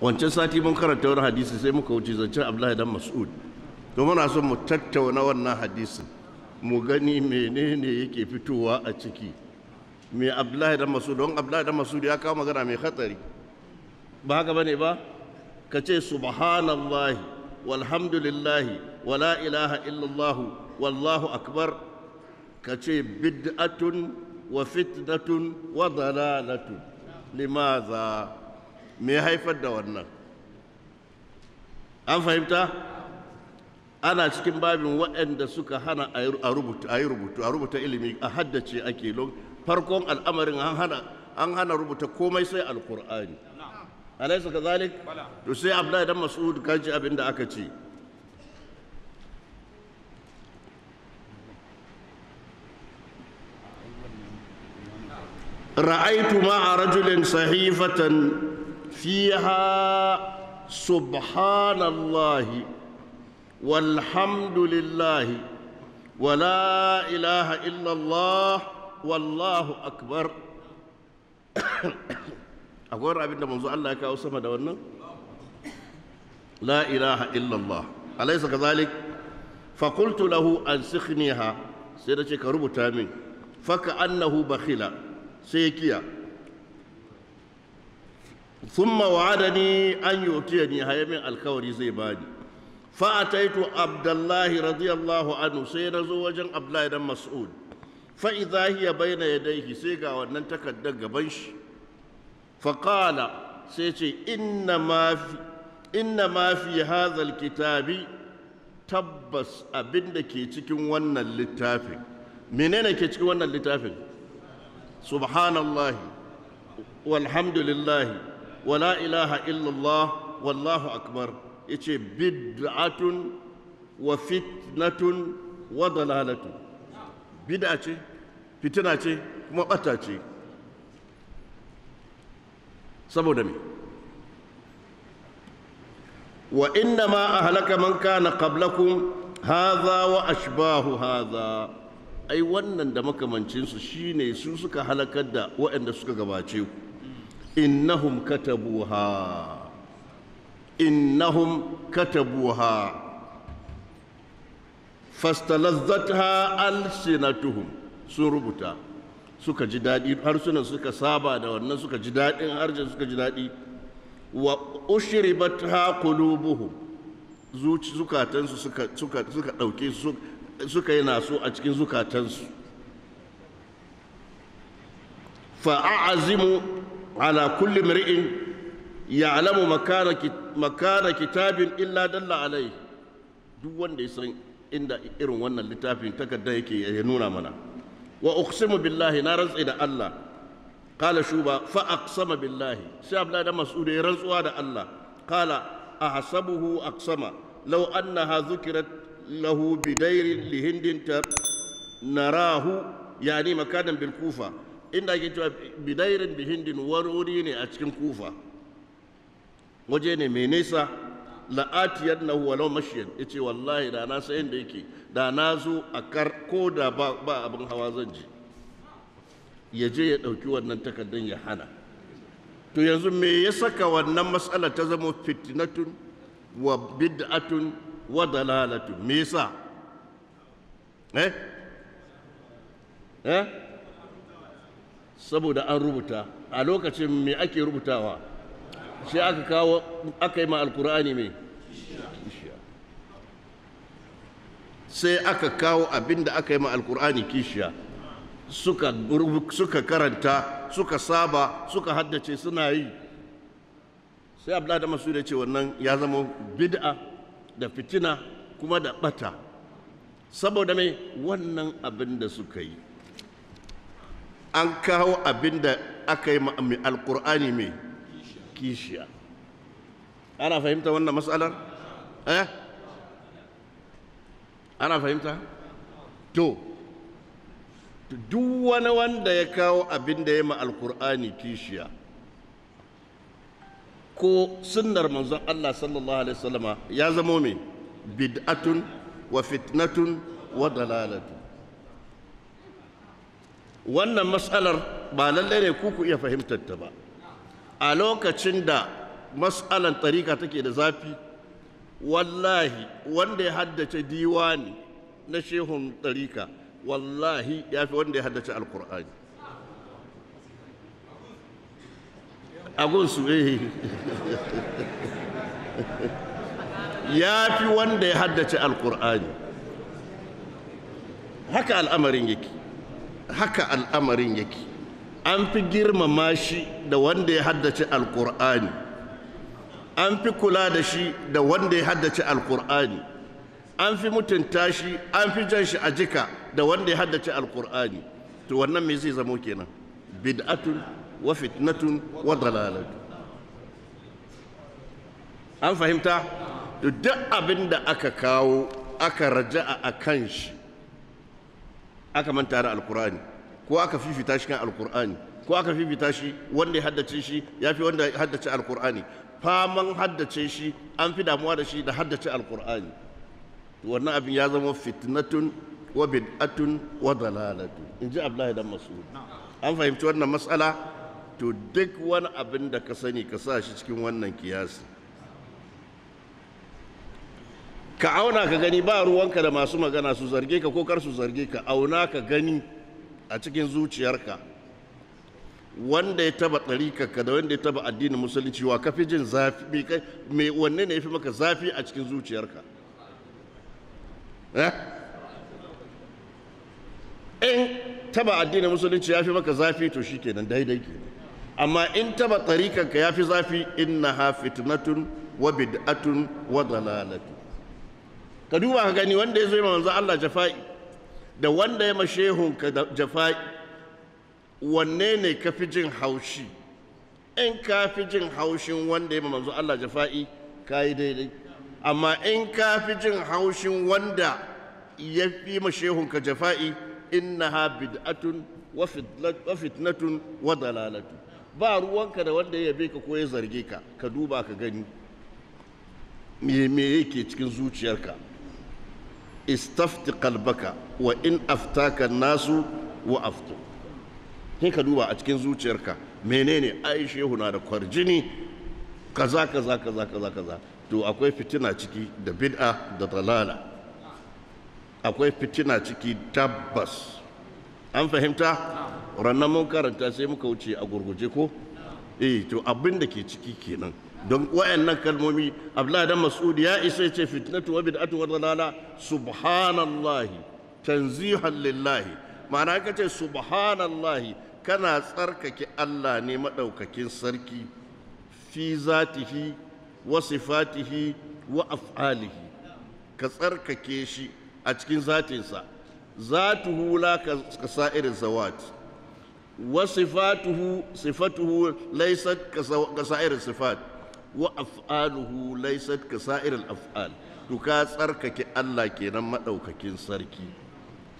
wancan sati mun karanta wani hadisi sai muka wuce zancen abdullahi dan mas'ud to muna son mu tattauna wannan hadisin mu gani menene yake fitowa a ciki me abdullahi dan mas'ud don abdullahi dan mas'ud ya kawo magana mai hatsari ba haka bane ba ka ce subhanallahi walhamdulillahi wala ilaha illallah wallahu akbar ka ce bid'atun wa fitnatun wa dalalatun limaza me haifar da wannan an fahimta ana cikin babin waɗanda suka hana a rubuta a rubuta ilimi a haddace ake farkon al'amarin an hana rubuta komai sai alkur'ani ka zalik to sai abdullahi dan mas'ud kaji abin da aka ce ra'aitu ma'a rajulin sahifatan فيها سبحان الله والحمد لله ولا إله إلا الله والله أكبر أقول رابط منذ الله كأو سمد لا إله إلا الله أليس كذلك فقلت له أنسخنيها سيدتك ربطا من فكأنه بخيلا سيكيا Summa mawada ni an yi ni min alkawari zai bani fa a taito abdullahi radiyallahu anhu sai na zo wajen abdullahi dan mas'ud fa iza hiya ya yadayhi sai ga wannan takaddar gaban shi fa qala sai ce inna ma fi inna ma fi hadha alkitabi tabbas abinda ke cikin wannan littafin menene ke cikin wannan littafin subhanallahi walhamdulillahi wala ilaha illallah wallahu akbar yace bid'atun wa fitnatun wa dalalatun bid'a ce fitina ce kuma bata ce saboda me wa inna ma ahlaka man kana qablakum hadha wa ashbahu hadha ai wannan da makamancinsu shine su suka halakar da waɗanda suka gabace ku innahum katabuha innahum katabuha fastalazzatha alsinatuhum sun rubuta suka ji daɗi harsunan suka saba da wannan suka ji daɗin harshen suka ji daɗi wa ushribat ha qulubuhum zuci zukatansu suka suka suka dauke su suka yi naso a cikin zukatansu a'azimu على كل امرئ يعلم مكان مكان كتاب إلا دل عليه duk wanda ya san inda irin wannan littafin takarda yake ya nuna mana wa uqsimu billahi na rantsi da Allah qala shuba fa aqsama billahi sai abla da mas'ud ya rantsuwa da Allah qala ahsabuhu aqsama law annaha Zukirat, lahu bidairin lihindin tar narahu yani makanan bil kufa inda ake cewa bidairin bihindin wani ne a cikin kufa waje ne mai nesa la'atiyar na walau mashiyan ya ce wallahi da na sayan da yake da na zo a kar ko da ba abin hawa zan ji ya je ya ɗauki wannan takardun ya hana to yanzu me ya saka wannan matsala ta zama fitinatun wa bid'atun wa dalalatun me yasa eh eh saboda an rubuta a lokacin me ake rubutawa sai aka kawo aka yi ma alkur'ani mai sai aka kawo abin da aka yi ma alkur'ani kishiya suka, karanta suka saba suka haddace suna yi sai abdullahi da masu ce wannan ya zama bid'a da fitina kuma da bata saboda mai wannan abin da suka yi an kawo abin da aka yi alkur'ani mai kishiya ana fahimta wannan matsalar? eh ana fahimta? to duk wani wanda ya kawo abin da ya ma alkur'ani kishiya ko sunnar manzon Allah sallallahu alaihi wasallama ya zamo mai bid'atun wa fitnatun wa dalalatu wannan matsalar ba lallai ne ku iya fahimtar ta ba a lokacin da matsalar tarika take da zafi wallahi wanda ya haddace diwani na shehun tarika wallahi ya fi wanda ya haddace alkur'ani agunsu eh ya fi wanda ya haddace alkur'ani haka al'amarin yake haka al'amarin yake an fi girmama shi da wanda ya haddace alkur'ani an fi kula da shi da wanda ya haddace alkur'ani an fi mutunta shi an fi jan shi a jika da wanda ya haddace alkur'ani to wannan me zai zamo kenan bid'atun wa fitnatun wa dalalatun an fahimta to duk abin da aka kawo aka raja'a a kan shi aka manta da alkur'ani ko aka fifita shi kan alkur'ani ko aka fifita shi wanda ya haddace shi ya fi wanda ya haddace alkur'ani faman haddace shi an fi damuwa da shi da haddace alkur'ani wannan abin ya zama fitnatun wa bid'atun wa dalalatu in ji abdullahi dan mas'ud an fahimci wannan matsala to duk wani abin da ka sani ka sa shi cikin wannan kiyasi ka auna ka gani ba ruwanka da masu magana su zarge ka ko kar su zarge ka auna ka gani a cikin zuciyarka wanda ya taba ka da wanda ya taba addinin musulunci wa kafi jin zafi mai wanne ne ya fi maka zafi a cikin zuciyarka eh? in taba addinin musulunci ya fi maka zafi to shi nan daidai ke amma in taba ɗarikanka ya fi zafi inna ha fitnatun wa bid'atun wa dalalatun ka duba ka gani wanda ya zo ma manzo Allah jafa'i da wanda ya mashe ka jafa'i wanne ne ka fi jin haushi in ka fi jin haushin wanda ya ma manzo Allah jafa'i ka yi daidai amma in ka fi jin haushin wanda ya fi mashe ka jafa'i ha bid'atun wa fitnatun wa dalalatu ba ruwanka da wanda ya yabe ka ko ya zarge ka ka duba ka gani me yake cikin zuciyarka istafti qalbaka wa in aftaka nasu wa aftu sai ka duba a cikin zuciyarka menene ai shehu na da kwarjini kaza kaza kaza kaza kaza to akwai fitina ciki da bid'a da dalala akwai fitina ciki tabbas an fahimta rannan mun karanta sai muka wuce a gurguje ko eh to abin da ke ciki kenan don wayannan kalmomi abdullahi dan mas'ud ya isa ya ce fitnatu wa bid'atu wa dalala subhanallahi tanzihan lillahi ma'ana ka ce subhanallahi kana tsarkake Allah ne madaukakin sarki fi zatihi wa sifatihi wa af'alihi ka tsarkake shi a cikin zatinsa zatuhu la ka sa'irin zawat, wa sifatuhu sifatuhu laysat ka sa'ir sifati wa af'aluhu laysat ka sa'iril af'al to ka tsarkake Allah kenan maɗaukakin sarki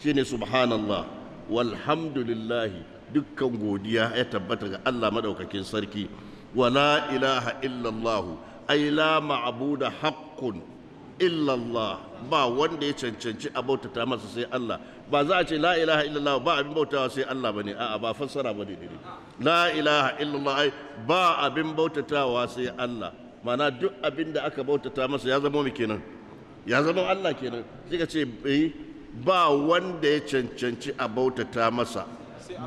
shine subhanallah walhamdulillahi dukkan godiya ya tabbatar da Allah maɗaukakin sarki wala ilaha illallahu ay la ma'budu haqqun illallah ba wanda ya cancanci a bautata masa sai Allah ba za a ce la ilaha illallah ba abin bautawa sai Allah bane a'a ba fassara bane ne la ilaha illallah ba abin bautatawa sai Allah mana duk abin da aka bautata masa ya zama mu kenan ya zama Allah kenan sai ka ce eh, ba wanda ya cancanci a bautata masa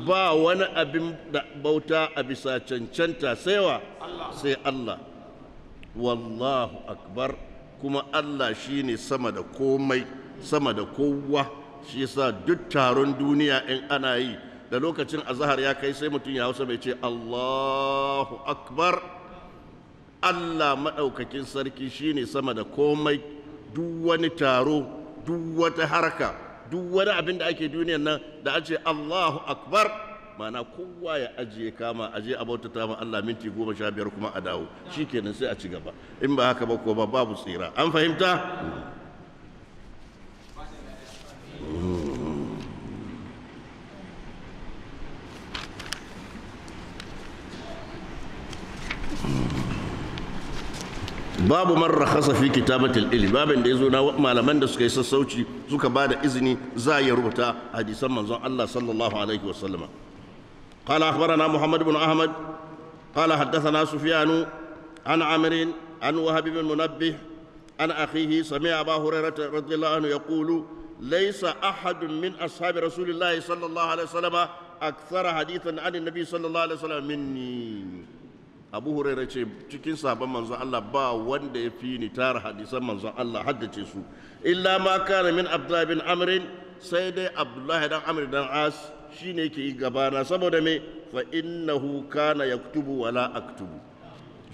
ba wani abin da bauta a bisa cancanta wa? sai Allah wallahu akbar kuma Allah shi ne sama da komai sama da kowa shi yasa duk taron duniya in ana yi da lokacin azahar ya kai sai mutum ya hausa bai ce Allahu akbar Allah maɗaukakin sarki shi ne sama da komai duk wani taro duk wata harka duk wani abin da ake duniyan nan da a ce Allahu akbar mana kowa ya ajiye kama aje a bautata ma Allah minti 15 kuma a dawo shikenan sai a ci gaba in ba haka ba ko ba babu tsira an fahimta باب من رخص في كتابة الإلي باب إن yazo na لم ندرس كيس yi زك بعد إذني زاي ربطة ya rubuta الله صلى الله عليه وسلم قال أخبرنا محمد بن أحمد قال حدثنا سفيان عن عمر عن وهب بن منبه عن أخيه سمع أبا هريرة رضي الله عنه يقول ليس أحد من أصحاب رسول الله صلى الله عليه وسلم أكثر حديثا عن النبي صلى الله عليه وسلم مني أبو هريرة cikin sabon manzon Allah ba wanda ya fi ni tara hadisan manzon Allah haddace su illa ma kana min Abdullah bin Amr sai dai Abdullah dan Amr dan As shine yake yi gabana saboda me fa innahu kana yaktubu wala aktubu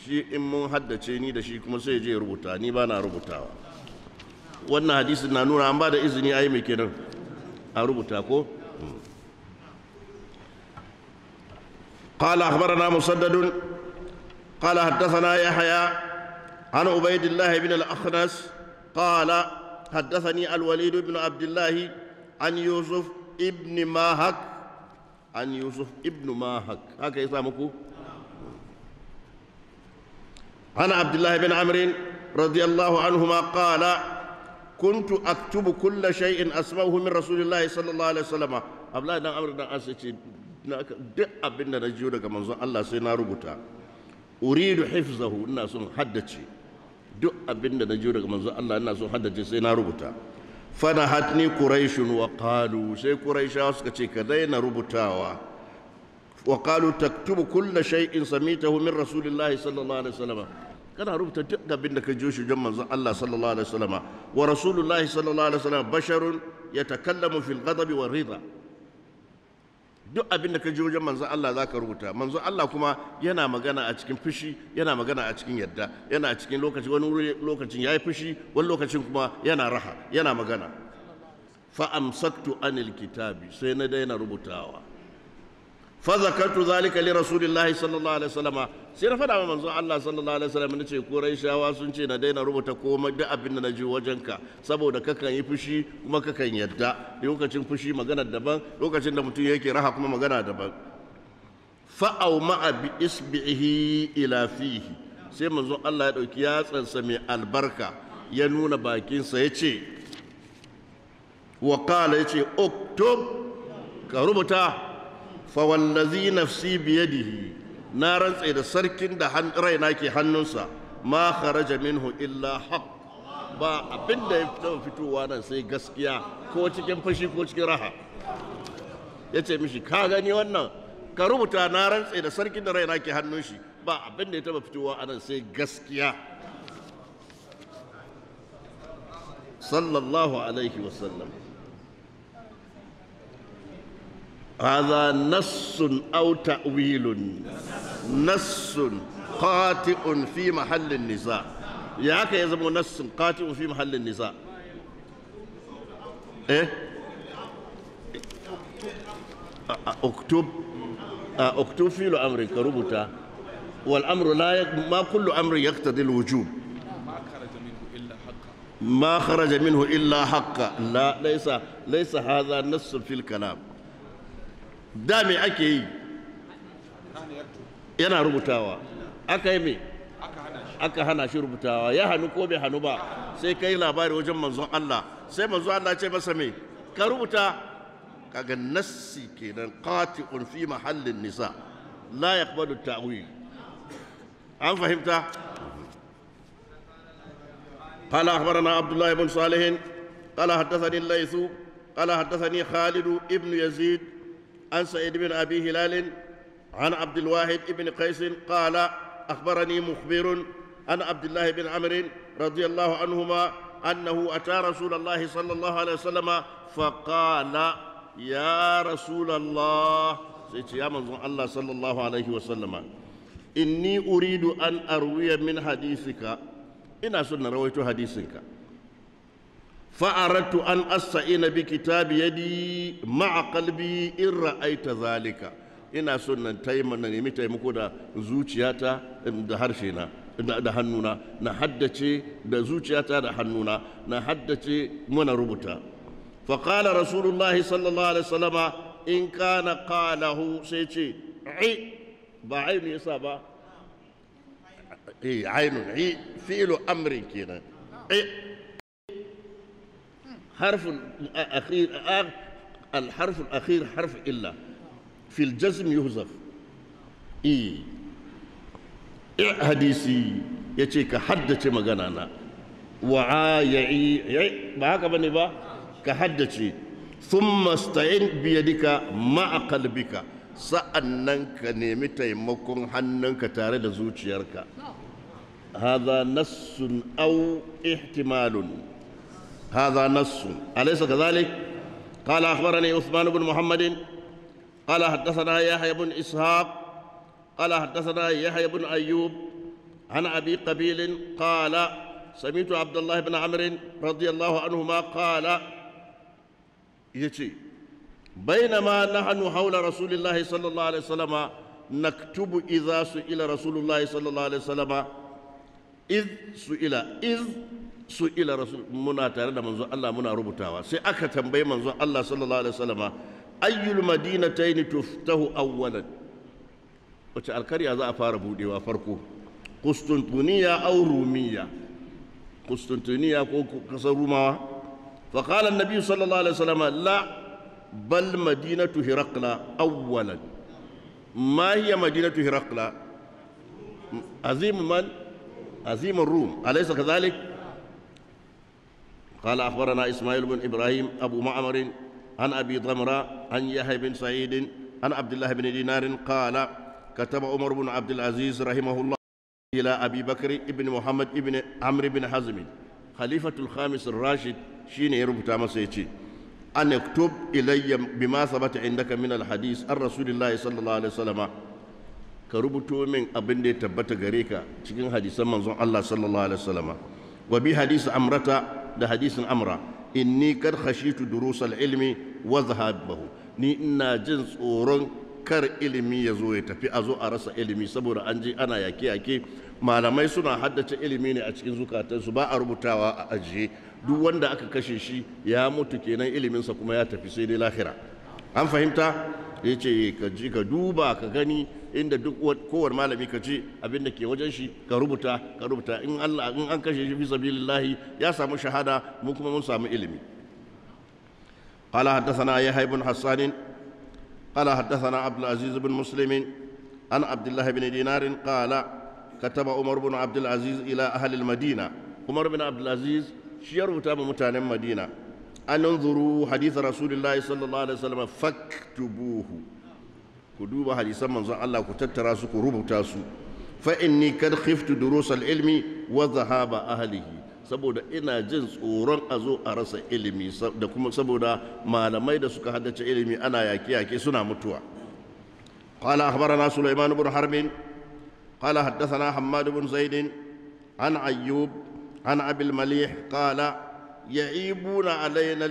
shi in mun haddace ni da shi kuma sai je rubuta ni ba na rubutawa wannan hadisin na nuna an ba da izini ayi mai kenan a rubuta ko قال أخبرنا مسدد قال حدثنا يحيى عن عبيد الله بن الأخنس قال حدثني الوليد بن عبد الله عن يوسف Ibni mahak an yusuf ibn mahak haka ya samu ku عن عبد الله بن عمرو رضي الله عنهما قال كنت اكتب كل شيء اسمعه من رسول الله صلى الله عليه وسلم عبد duk abin da na jiyo daga manzon Allah sai na rubuta uridu hifzahu ina son haddace duk abin da na jiyo daga manzon Allah ina son haddace sai na rubuta fanahatni quraishun wa qalu sai quraisha suka ce ka daina rubutawa wa qalu taktubu kullu shay'in samitahu min Rasulillah sallallahu alaihi wasallam kana rubuta duk abin da ka ji shi jan manzon Allah sallallahu alaihi wasallam wa rasulullahi sallallahu alaihi wasallam basharun yatakallamu fil ghadabi war ridha duk abin da ka ji wajen manzon Allah za ka rubuta manzon Allah kuma yana magana a cikin fushi yana magana a cikin yadda yana a cikin lokaci wani lokacin ya yi fushi wani lokacin kuma yana raha yana magana fa amsaktu anil kitabi sai na daina rubutawa fazakatu zalika li rasulillahi sallallahu alaihi wasallam sai na fada wa manzon Allah sallallahu alaihi wasallam nace quraishawa sun ce na daina rubuta komai duk abin da naji wajenka saboda kakan yi fushi kuma kakan yadda lokacin fushi magana daban lokacin da mutum yake raha kuma magana daban fa au ma bi isbihi ila fihi sai manzon Allah ya dauki yatsansa mai albarka ya nuna bakinsa ya ce wa qala ya ce uktub ka rubuta fawallazi nafsi biyadihi na rantse da sarkin da raina ke hannunsa ma kharaja minhu illa haqq ba abinda ya fito fitowa nan sai gaskiya ko cikin fashi ko cikin raha ya ce mishi ka gani wannan ka rubuta na rantse da sarkin da raina ke hannun shi ba abinda ya taba fitowa a nan sai gaskiya sallallahu alaihi wasallam هذا نص أو تأويل نص قاطع في محل النزاع يا أخي يا نص قاطع في محل النزاع إيه اكتب اكتب في الأمر كربتا والأمر لا يك... ما كل أمر يقتضي الوجوب ما خرج منه إلا حقا لا ليس ليس هذا نص في الكلام da me ake yi yana rubutawa aka yi me aka hana shi rubutawa ya hannu ko bai hannu ba sai ka yi labari wajen manzon Allah sai manzon Allah ce masa me ka rubuta kaga nassi kenan qati'un fi mahallin nisa la yaqbalu ta'wil an fahimta قال أخبرنا عبد الله بن صالح قال حدثني الليث قال حدثني خالد ابن يزيد عن سعيد بن أبي هلال عن عبد الواحد بن قيس قال أخبرني مخبر عن عبد الله بن عمرو رضي الله عنهما أنه أتى رسول الله صلى الله عليه وسلم فقال يا رسول الله يا من الله صلى الله عليه وسلم إني أريد أن أروي من حديثك إن أصلنا رويت حديثك Fa'aratu an asta'ina bi kitabi yadi ma'a qalbi in ra'aita zalika ina son na taimako da zuciyata da harshe na hannuna na haddace da zuciyata da hannuna na haddace muna rubuta فقال رسول الله صلى الله عليه وسلم إن كان قاله سيتي عي بعين يصابا عين عي فعل أمر كنا عي حرف أخير الحرف الأخير حرف إلا في الجزم يهزف إي حديثي يتي كحدث مغنانا وعا يعي ما هكا بني با كحدث ثم استعن بيدك مع قلبك sa'annan ka nemi taimakon hannunka tare da zuciyarka hadha nassun aw ihtimalun هذا نص أليس كذلك؟ قال أخبرني عثمان بن محمد قال حدثنا يحيى بن إسحاق قال حدثنا يحيى بن أيوب عن أبي قبيل قال سمعت عبد الله بن عمرو رضي الله عنهما قال يتي بينما نحن حول رسول الله صلى الله عليه وسلم نكتب إذا سئل رسول الله صلى الله عليه وسلم إذ سئل إذ su ila rasul muna tare da manzon Allah muna rubutawa sai aka tambayi manzon Allah sallallahu alaihi wasallam ayyul madinatayn tuftahu awwalan wace alkarya za a fara budewa farko qustuntuniya aw rumiya qustuntuniya ko kasar rumawa fa qala an sallallahu alaihi wasallam la bal madinatu hiraqla awwalan ma hiya madinatu hiraqla azim man azim الروم أليس قال أخبرنا إسماعيل بن إبراهيم أبو معمر عن أبي ضمرة عن يحيى بن سعيد عن عبد الله بن دينار قال كتب عمر بن عبد العزيز رحمه الله إلى أبي بكر بن محمد بن عمرو بن حزم خليفة الخامس الراشد شين يربط مسيتي أن اكتب إلي بما ثبت عندك من الحديث عن رسول الله صلى الله عليه وسلم كربط من أبن تبت غريكا تكين حديثا منظوم الله صلى الله عليه وسلم وبحديث أمرتا da hadisin amra inni kad khashitu durusal ilmi wa dhahabahu ni ina jin tsoron kar ilimi ya zo ya tafi a zo a rasa ilimi saboda an ji ana yake-yake malamai suna haddace ilimi ne a cikin zukatansu ba a rubutawa a ajiye duk wanda aka kashe shi ya mutu kenan iliminsa kuma ya tafi sai dai lahira an fahimta ya ce ka ji ka duba ka gani inda duk kowar malami ka ce abinda ke wajen shi ka rubuta ka rubuta in Allah in an kashe shi fi ya samu shahada mu kuma mun samu ilimi qala haddathana ya haibun hassan qala haddathana abdul aziz ibn muslim an abdullah ibn dinar qala kataba umar ibn abdul aziz ila madina umar ibn abdul shi ya rubuta ma mutanen madina an nunzuru hadith rasulullahi sallallahu alaihi wasallam faktubuhu ku duba hadisan manzon Allah ku tattara su ku rubuta su fa inni kad khiftu durus ilmi wa zahaba ahlihi saboda ina jin tsoron a zo a rasa ilimi da kuma saboda malamai da suka haddace ilimi ana yaƙe-yaƙe suna mutuwa قال أخبرنا سليمان بن حرب قال حدثنا حماد بن ayyub عن أيوب عن أبي المليح قال يعيبون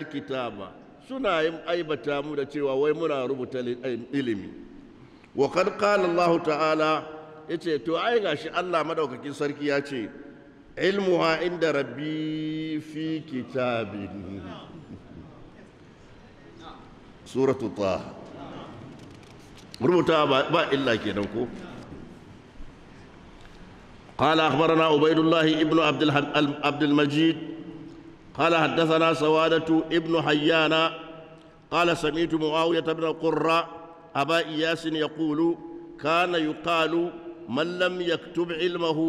kitaba suna yin aibata mu da cewa wai muna rubuta ilimi wa qad qala Allah ta'ala yace to ai gashi Allah madaukakin sarki ya ce ilmuha inda rabbi fi kitabin suratu taha rubuta ba illa kenan ko قال أخبرنا عبيد الله ابن عبد عبد المجيد قال حدثنا سوادة ابن حيان قال سمعت معاوية بن القراء أبا إياس يقول كان يقال من لم يكتب علمه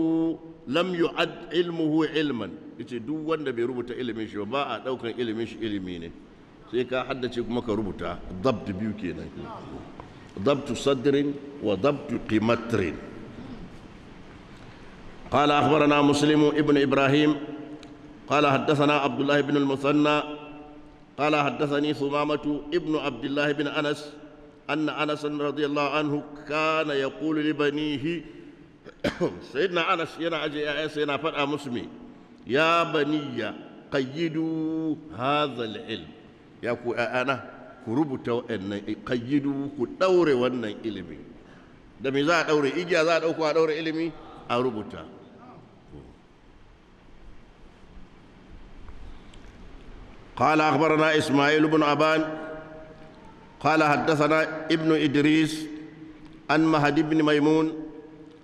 لم يعد علمه علما yace duk wanda bai rubuta ilimin shi ba a daukan ilimin shi ilimi ne sai ka haddace kuma ka rubuta dabt biyu kenan dabtu sadrin wa dabtu qimatrin قال أخبرنا مسلم ابن إبراهيم قال حدثنا عبد الله بن المثنى قال حدثني ثمامة ابن عبد الله بن أنس أن أنس رضي الله عنه كان يقول لبنيه سيدنا أنس ينا أجي سيدنا فرأى مسمي يا بني قيدوا هذا العلم يا كو أنا كربت أن قيدوا كدور وأن علمي da زاد za a زاد أو za علمي ɗauko قال أخبرنا إسماعيل بن أبان قال حدثنا ابن إدريس عن مهدي بن ميمون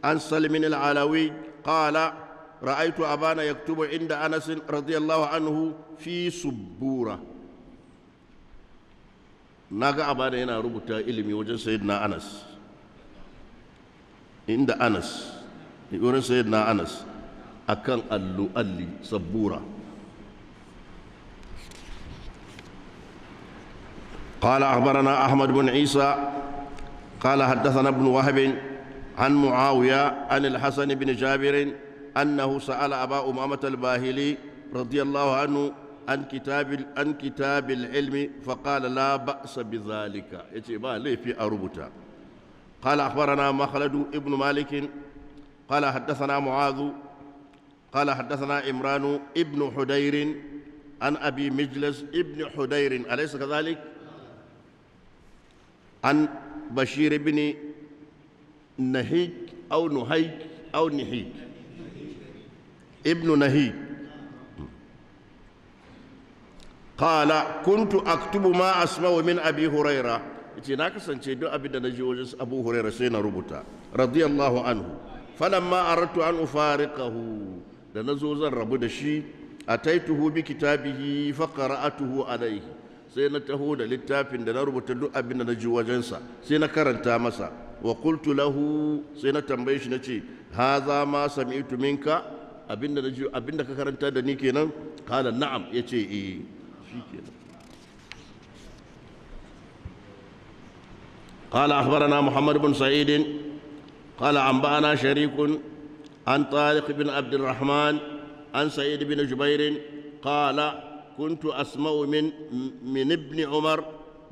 عن سلم العلوي قال رأيت أبانا يكتب عند أنس رضي الله عنه في سبورة ناقا أبانا هنا ربطة إلمي وجن سيدنا أنس عند أنس يقول سيدنا أنس أكان اللؤلي سبورة قال أخبرنا أحمد بن عيسى قال حدثنا ابن وهب عن معاوية عن الحسن بن جابر أنه سأل أبا أمامة الباهلي رضي الله عنه عن كتاب عن كتاب العلم فقال لا بأس بذلك يجب لي في أربطة قال أخبرنا مخلد ابن مالك قال حدثنا معاذ قال حدثنا إمران ابن حدير عن أبي مجلس ابن حدير أليس كذلك؟ an bashir ibn nahik au nuhaik au nihik ibn nahik قال كنت اكتب ما na kasance duk abin da na ji wajen abu huraira sai na rubuta radiyallahu anhu falamma aradtu an ufariqahu da nazo zan rabu da shi a ataituhu bi kitabihi fa tuhu alayhi sai na taho da littafin da na rubuta duk abin da na ji wajensa sai na karanta masa wa qultu lahu sai na tambaye shi nace haza ma sami'tu minka abinda na ji abinda ka karanta da ni kenan qala na'am yace eh shikenan قال أخبرنا محمد بن سعيد قال أنبأنا شريك عن طارق بن عبد الرحمن عن سعيد بن جبير قال كنت أسمع من من ابن عمر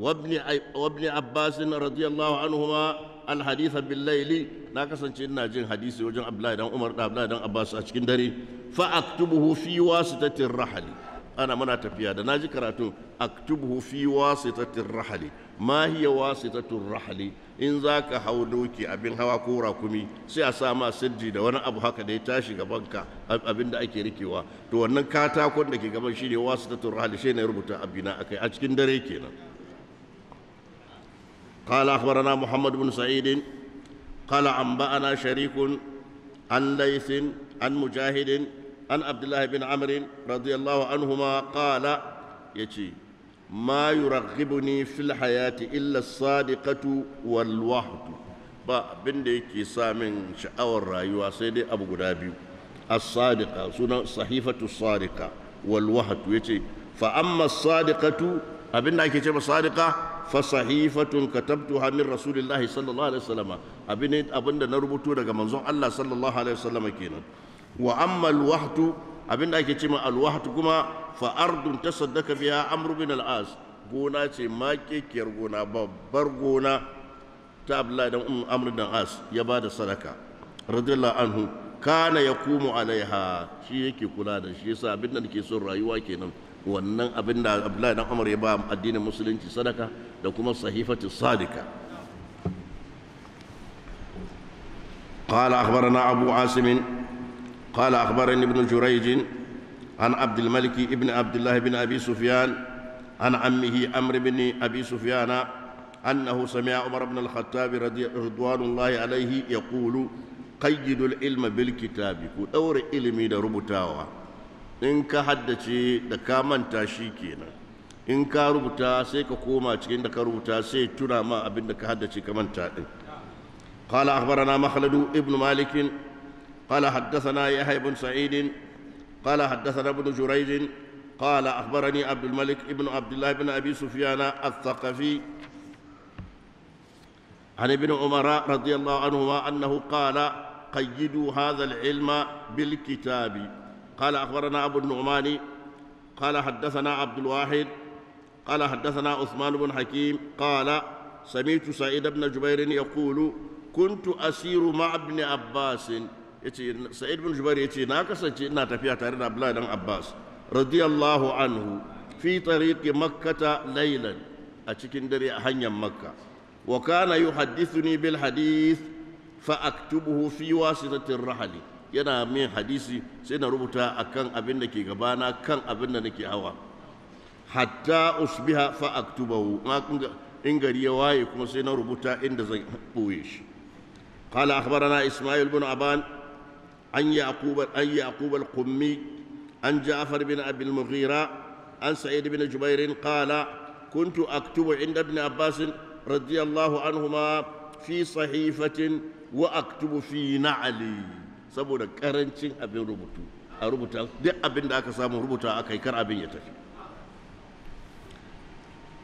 وابن وابن عباس رضي الله عنهما الحديث بالليل na kasance ina jin hadisi wajen Abdullahi dan Umar Abdullahi dan Abbas a cikin dare fa aktubuhu fi wasitatir rahali ana muna tafiya da naji karatu aktubuhu fi wasitatir rahali ma hiya wasitatul rahli in zaka hau doki abin hawa ko rakumi sai a sa ma sirji da wani abu haka da ya tashi gaban ka abin da ake rikewa to wannan katakon da ke gaban shine wasitatul rahli ne rubuta abina akai a cikin dare kenan قال أخبرنا محمد بن سعيد قال أنبأنا شريك عن ليث عن مجاهد عن عبد الله بن عمرو رضي الله عنهما قال ma yuraghibuni fil hayati illa sadiqatu wal wahd ba abin yake sa min sha'awar rayuwa sai dai abu guda biyu as-sadiqa sunan sahifatu sadiqa wal yace fa amma as-sadiqatu abin da ake ce ba sadiqa fa sahifatun katabtuha min rasulillahi sallallahu alaihi wasallam abin abin na rubuta daga manzon Allah sallallahu alaihi kenan wa amma abinda ake cewa alwahat kuma fa ardun tasaddaka biha amru bin al-as gona ce makekiyar gona babbar gona ta abdullahi dan amr as ya bada sadaka radiyallahu anhu kana yakumu alaiha shi yake kula da shi yasa abinda nake son rayuwa kenan wannan abinda abdullahi dan umar ya ba addinin musulunci sadaka da kuma sahifatu sadika قال أخبرنا أبو عاصم قال أخبرني ابن جريج عن عبد الملك ابن عبد الله بن أبي سفيان عن عمه أمر بن أبي سفيان أنه سمع عمر بن الخطاب رضي رضوان الله عليه يقول قيد العلم بالكتاب دور علمي da rubutawa in ka haddace da ka manta shi kenan in ka rubuta sai ka koma cikin da ka rubuta sai tuna ma abin da ka haddace ka manta din قال أخبرنا مخلد ابن مالك قال حدثنا يحيى بن سعيد قال حدثنا ابن جريج قال أخبرني عبد الملك ابن عبد الله بن أبي سفيان الثقفي عن ابن عمر رضي الله عنهما أنه قال قيدوا هذا العلم بالكتاب قال أخبرنا أبو النعمان قال حدثنا عبد الواحد قال حدثنا عثمان بن حكيم قال سمعت سعيد بن جبير يقول كنت أسير مع ابن عباس yace sa'id bin jubair yace na kasance ina tafiya tare da abdullahi dan abbas radiyallahu anhu fi tariqi makkata laylan a cikin dare a hanyar makka wa kana yuhaddithuni bil hadith fa aktubuhu fi wasitati rahli yana min hadisi sai na rubuta akan abin da ke gabana kan abin da nake hawa hatta usbiha fa aktubahu in gari ya waye kuma sai na rubuta inda zan boye shi قال أخبرنا إسماعيل بن أبان عن يعقوب عن يعقوب القمي عن جعفر بن ابي المغيره عن سعيد بن جبير قال كنت اكتب عند ابن عباس رضي الله عنهما في صحيفه واكتب في نعلي سبونا كرنشن ابي rubutu a دي ابن داك سامو aka samu كر aka yi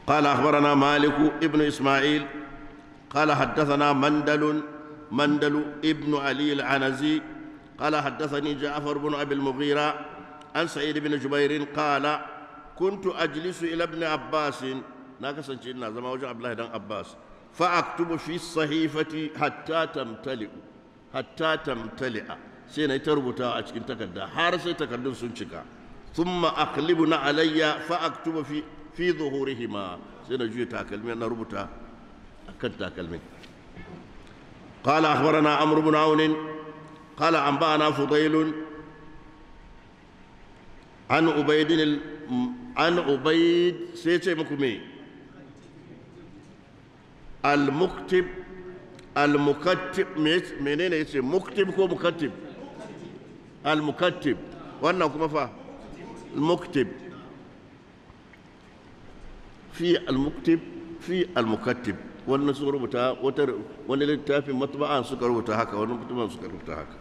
قال أخبرنا مالك ابن إسماعيل قال حدثنا مندل مندل ابن علي العنزي قال حدثني جعفر بن أبي المغيرة عن سعيد بن جبير قال كنت أجلس إلى ابن عباس ناكسن جئنا زما وجه عبد الله بن عباس فأكتب في الصحيفة حتى تمتلئ حتى تمتلئ سينا تربطها أشكن تكدا حارس تكدن سنشكا ثم أقلبنا علي فأكتب في في ظهورهما سينا جوي تاكلمي أنا ربطها أكد تاكلمي قال أخبرنا عمرو بن عون قال أنبأنا فضيل عن عبيد ال... عن عبيد سيتي مكمي المكتب المكتب منين يتي مكتب كو مكتب المكتب وانا كما فا المكتب في المكتب في المكتب wannan sun rubuta wani littafin matba'an suka rubuta haka wani mutumin suka rubuta haka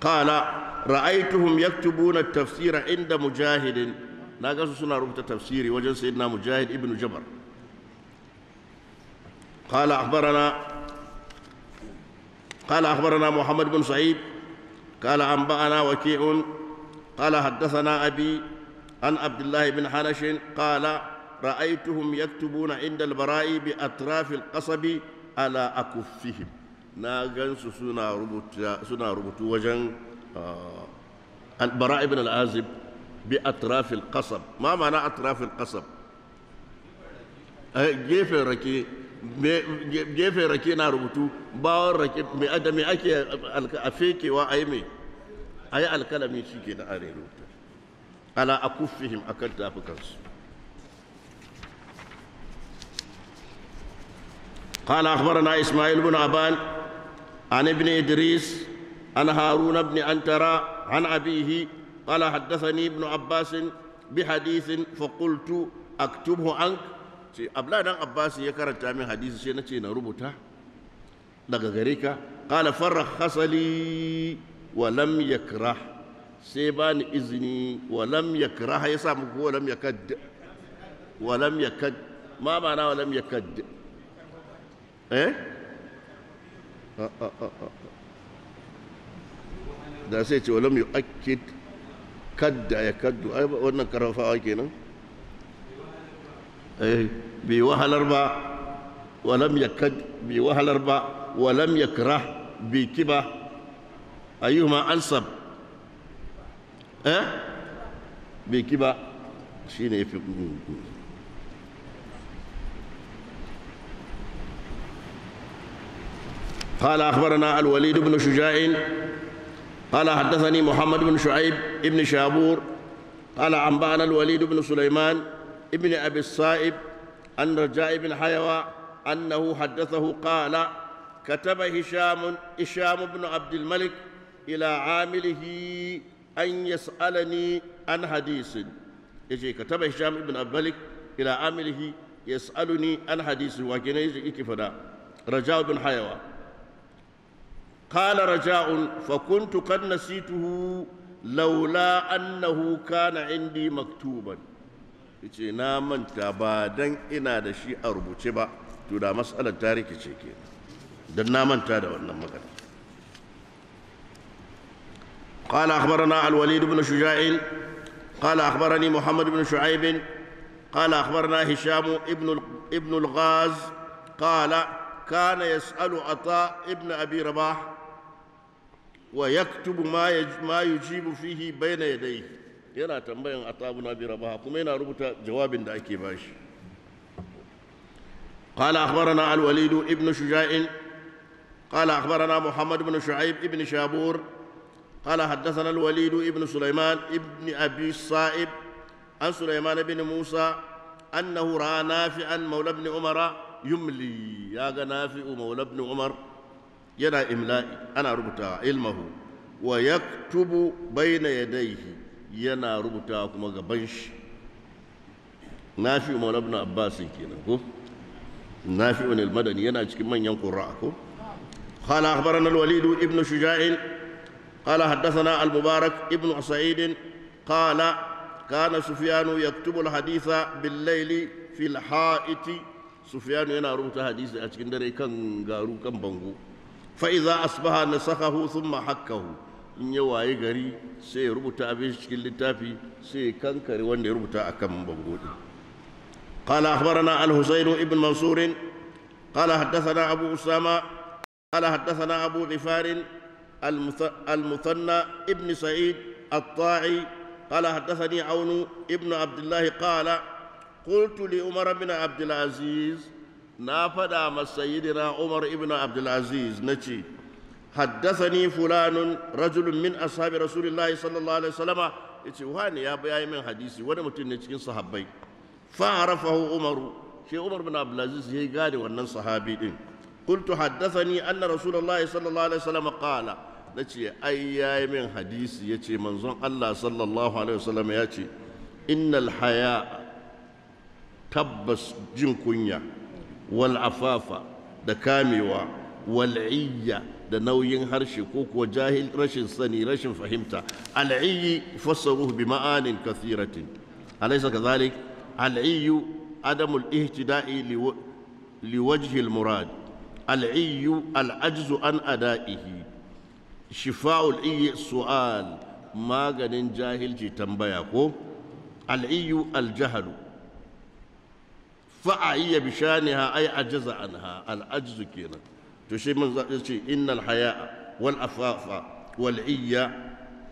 قال رأيتهم يكتبون التفسير عند مجاهد ناقص سنة ربط تفسيري وجن سيدنا مجاهد ابن جبر قال أخبرنا قال أخبرنا محمد بن سعيد قال أنبأنا وكيع قال حدثنا أبي عن عبد الله بن حنش قال رأيتهم يكتبون عند البراء بأطراف القصب على أكفهم na gansu suna rubuta suna rubutu wajen albara ibn al-azib bi atraf al-qasab ma ma'ana atraf al-qasab gefen rake gefen rake na rubutu bawon rake mai da mai ake a fekewa a yi mai a yi alkalami shi ke da are rubuta ala a kuffihim a kan tafukansu قال أخبرنا إسماعيل بن عبان عن ابن إدريس عن هارون بن أنترا عن أبيه قال حدثني ابن عباس بحديث فقلت أكتبه عنك أبلا دان عباس min hadisi حديث شيء نربطه daga gare ka ƙala farar hasali walam ya kira sai ba ni izini walam ya kira ya sa muku walam ya kadda walam ya walam ya da sai ce walam yu'akkid kadda ya kaddu ai wannan karafawa kenan eh bi wahalar ba walam yakad bi wahalar ba walam yakra bi kiba ayyuhuma ansab eh bi kiba shine yafi قال أخبرنا الوليد بن شجاع قال حدثني محمد بن شعيب بن شابور قال أنبأنا الوليد بن سليمان ابن أبي الصائب أن رجاء بن حيوى أنه حدثه قال كتب هشام هشام بن عبد الملك إلى عامله أن يسألني عن حديث يجي كتب هشام بن عبد الملك إلى عامله يسألني عن حديث وكان يجي فدا رجاء بن حيوى قال رجاء فكنت قد نسيته لولا أنه كان عندي مكتوبا yace na manta ba dan ina da shi a rubuce ba to da matsalar ta rikice ke dan na manta da wannan magana قال أخبرنا الوليد بن شجاع قال أخبرني محمد بن شعيب قال أخبرنا هشام ابن ابن الغاز قال كان يسأل عطاء ابن أبي رباح ويكتب ما ما يجيب فيه بين يديه yana tambayan atabuna bi rabaha kuma yana rubuta jawabin قال أخبرنا الوليد ابن شجاع قال أخبرنا محمد بن شعيب ابن شابور قال حدثنا الوليد ابن سليمان ابن أبي الصائب عن سليمان بن موسى أنه رأى نافعا مولى ابن عمر يملي يا نافع مولى ابن عمر yana imla'i ana rubutawa ilmahu wa yaktubu baina yadayhi yana rubutawa kuma gaban shi nafi umar ibn abbas kenan ko nafi al-madani yana cikin manyan qurra ko قال أخبرنا الوليد ابن شجاع قال حدثنا المبارك ابن سعيد قال كان سفيان يكتب الحديث بالليل في الحائط سفيان ينا روت حديث أتكندري كان غارو كان بانغو فإذا أصبح نسخه ثم حكه إن يواي غري gari sai ya rubuta abin cikin littafi sai ya قال أخبرنا الحسين ابن منصور قال حدثنا أبو أسامة قال حدثنا أبو غفار المثنى ابن سعيد الطاعي قال حدثني عون ابن عبد الله قال قلت لعمر بن عبد العزيز na faɗa masayidina umar ibn abdulaziz na ce haddasani fulanun rajulun min ashabi rasulullahi sallallahu alaihi wasallama ya ce wani ya bayi min hadisi wani mutum ne cikin sahabbai fa'arafahu umaru shi umar Ibn abdulaziz ya gane wannan sahabi din qultu haddathani anna rasulullahi sallallahu alaihi wasallam qala nace ai yayi min hadisi yace manzon Allah sallallahu alaihi wasallam yace innal haya tabbas jin kunya wal afafa da kamewa wal'iyya da nauyin harshe ko kuwa jahil rashin sani rashin fahimta al'iyyi fassaruhu bi ma'anin kathiratin alaysa kadhalik al'iyyu adamul ihtida'i liwajhi al-murad al'iyyu al'ajzu an ada'ihi shifa'ul iyyi su'al maganin jahilci tambaya ko al'iyyu al-jahlu fa'ayya bishaniha ay ajaza anha al'ajzu kenan to shi mun zaɓi ce innal haya'a wal afafa wal iyya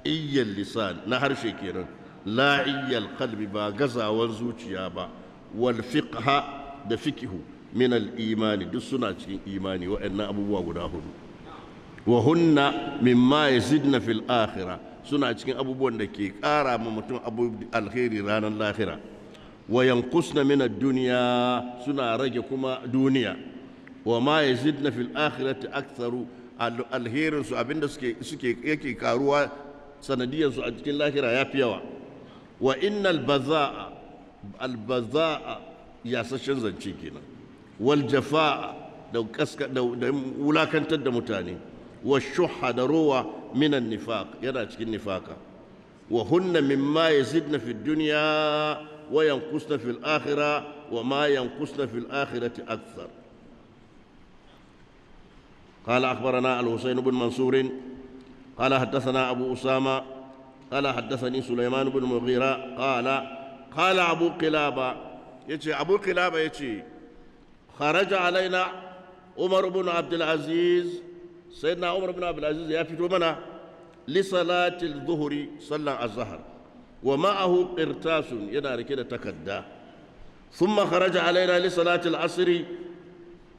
iyyal lisan na harshe kenan la iyyal qalbi ba gazawan zuciya ba wal fiqha da fikihu min al imani duk suna cikin imani waɗannan abubuwa guda hudu wa hunna mimma yazidna fil akhirah suna cikin abubuwan da ke ƙara ma mutum abu alkhairi ranar lahira wa yanqusna min duniya suna rage kuma duniya wa ma yazidna fil akhirati aktharu alherin su abinda suke suke yake karuwa sanadiyar a cikin lahira yafi yawa wa innal baza'a al baza'a yasashin zance kenan wal jafa'a da wulakantar da mutane wa shuhha da rowa minan nifaq yana cikin nifaka wa hunna mimma yazidna fid duniya. وينقصن في الآخرة وما ينقصن في الآخرة أكثر قال أخبرنا الحسين بن منصور قال حدثنا أبو أسامة قال حدثني سليمان بن مغيرة قال قال أبو قلابة يتي أبو قلابة يتي خرج علينا عمر بن عبد العزيز سيدنا عمر بن عبد العزيز يا فتو منا لصلاة الظهر صلى الظهر wa ma'ahu qirtasun yana rike da takadda thumma kharaja alaina li salati al-asr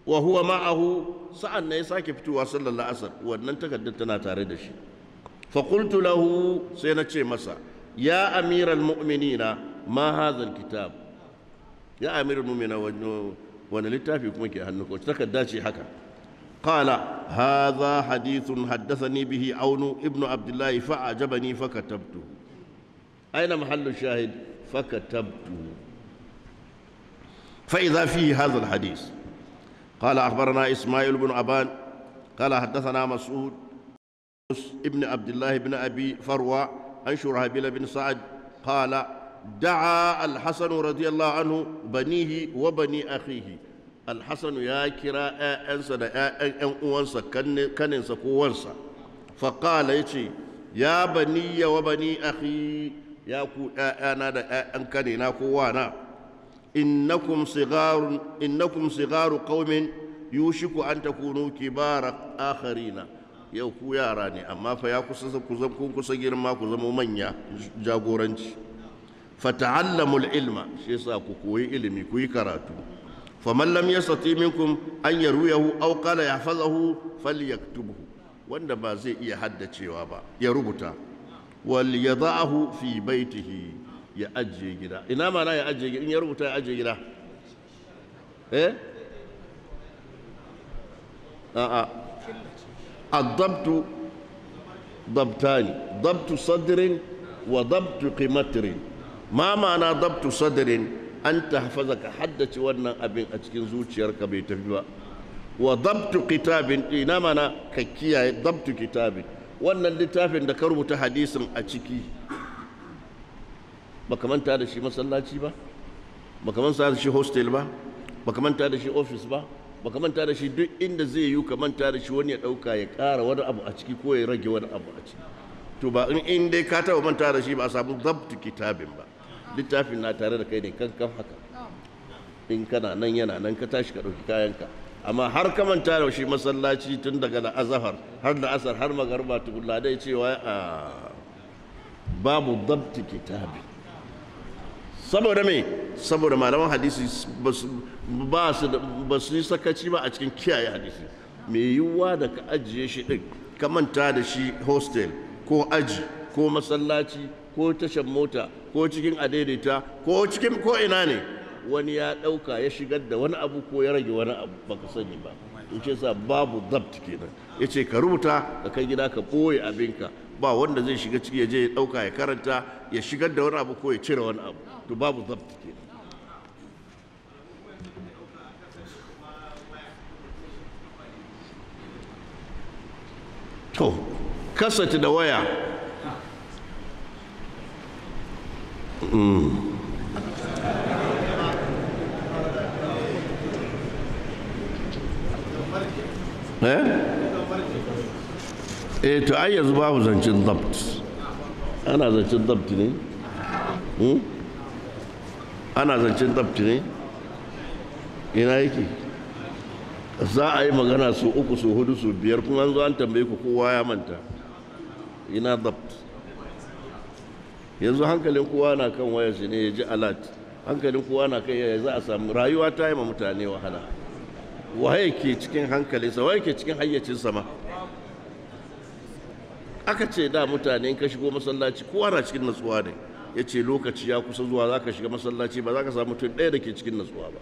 wa huwa ma'ahu sa'an ne sake fitowa sallallahu asr wannan takaddar tana tare da shi fa qultu lahu sai na ce masa ya amiral mu'minina ma hadha al-kitab ya amiral mu'minina wani littafi kuma ke hannu ko takadda ce haka قال هذا حديث حدثني به عون ابن عبد الله فأعجبني فكتبته أين محل الشاهد فكتبته فإذا فيه هذا الحديث قال أخبرنا إسماعيل بن أبان قال حدثنا مسعود ابن عبد الله بن أبي فروة عن شرهبيل بن سعد قال دعا الحسن رضي الله عنه بنيه وبني أخيه الحسن يا كرا أنسى أن أنسى كان أنسى فقال يتي يا بني وبني أخي ya ku ‘ya'yana da kane na kowa na innakum sigarun innakum sigaru qaumin yushiku an takunu kibara akharina yau ku yara ne amma fa ya kusa ku zan kun kusa girma ku zama manya jagoranci fata'allamul ilma shi yasa ku koyi ilimi ku yi karatu Fa faman lam yastati minkum an yarwiyahu aw qala yahfazahu falyaktubhu wanda ba zai iya haddacewa ba ya rubuta waliyadahu fi baitihi ya ajiye gida ina mana ya ajiye gida in ya ya ajiye gida eh a'a addabtu dabtani dabtu sadrin wa dabtu qimatrin ma ma'ana dabtu sadrin an tahfazaka haddace wannan abin a cikin zuciyarka bai tafi ba wa dabtu kitabin ina mana ka kiyaye dabtu kitabin wannan littafin da ka rubuta hadisin a ciki baka manta da shi masallaci ba baka manta da shi hostel ba baka manta da shi ofis ba baka manta da shi duk inda zai yi ka manta da shi wani ya dauka ya kara wani abu a ciki ko ya rage wani abu a ciki to ba in in dai ka taba manta da shi ba a samu zabt kitabin ba littafin na tare da kai ne kan kan haka in kana nan yana nan ka tashi ka dauki kayanka amma har ka manta da shi masallaci tun daga da azhar har da asar har magarba tukulla dai cewa a babu dabti kitabi saboda me saboda malaman hadisi ba su ba su yi sakaci ba a cikin kiyaye hadisi me yiwuwa da ka ajiye shi din ka manta da shi hostel ko aji ko masallaci ko tashar mota ko cikin adaidaita ko cikin ko ina ne wani ya ɗauka ya shigar da wani abu ko ya rage wani abu baka sani ba in ce sa babu zabt kenan ya ce ka rubuta ka kai gida ka ɓoye abinka ba wanda zai shiga ciki ya je ya ɗauka ya karanta ya shigar da wani abu ko ya cire wani abu to babu zabt kenan to kasati da waya hmm. Eh? eh to ai yanzu babu zancen zabt ana zancen zabt ne hmm? ana zancin zabt ne ina yake za a yi magana su uku su hudu su biyar kuma an zo an tambaye ku kowa ya manta ina zabt yanzu hankalin kowa na kan wayarsa ne ya ji alat hankalin kowa na kan yaya za a samu rayuwa ta yi ma mutane wahala waye ke cikin hankalinsa waye ke cikin hayyacinsa ma aka ce da mutane ka shigo masallaci kowa na cikin natsuwa ne ya ce lokaci ya kusa zuwa za ka shiga masallaci ba za ka samu mutum ɗaya da ke cikin natsuwa ba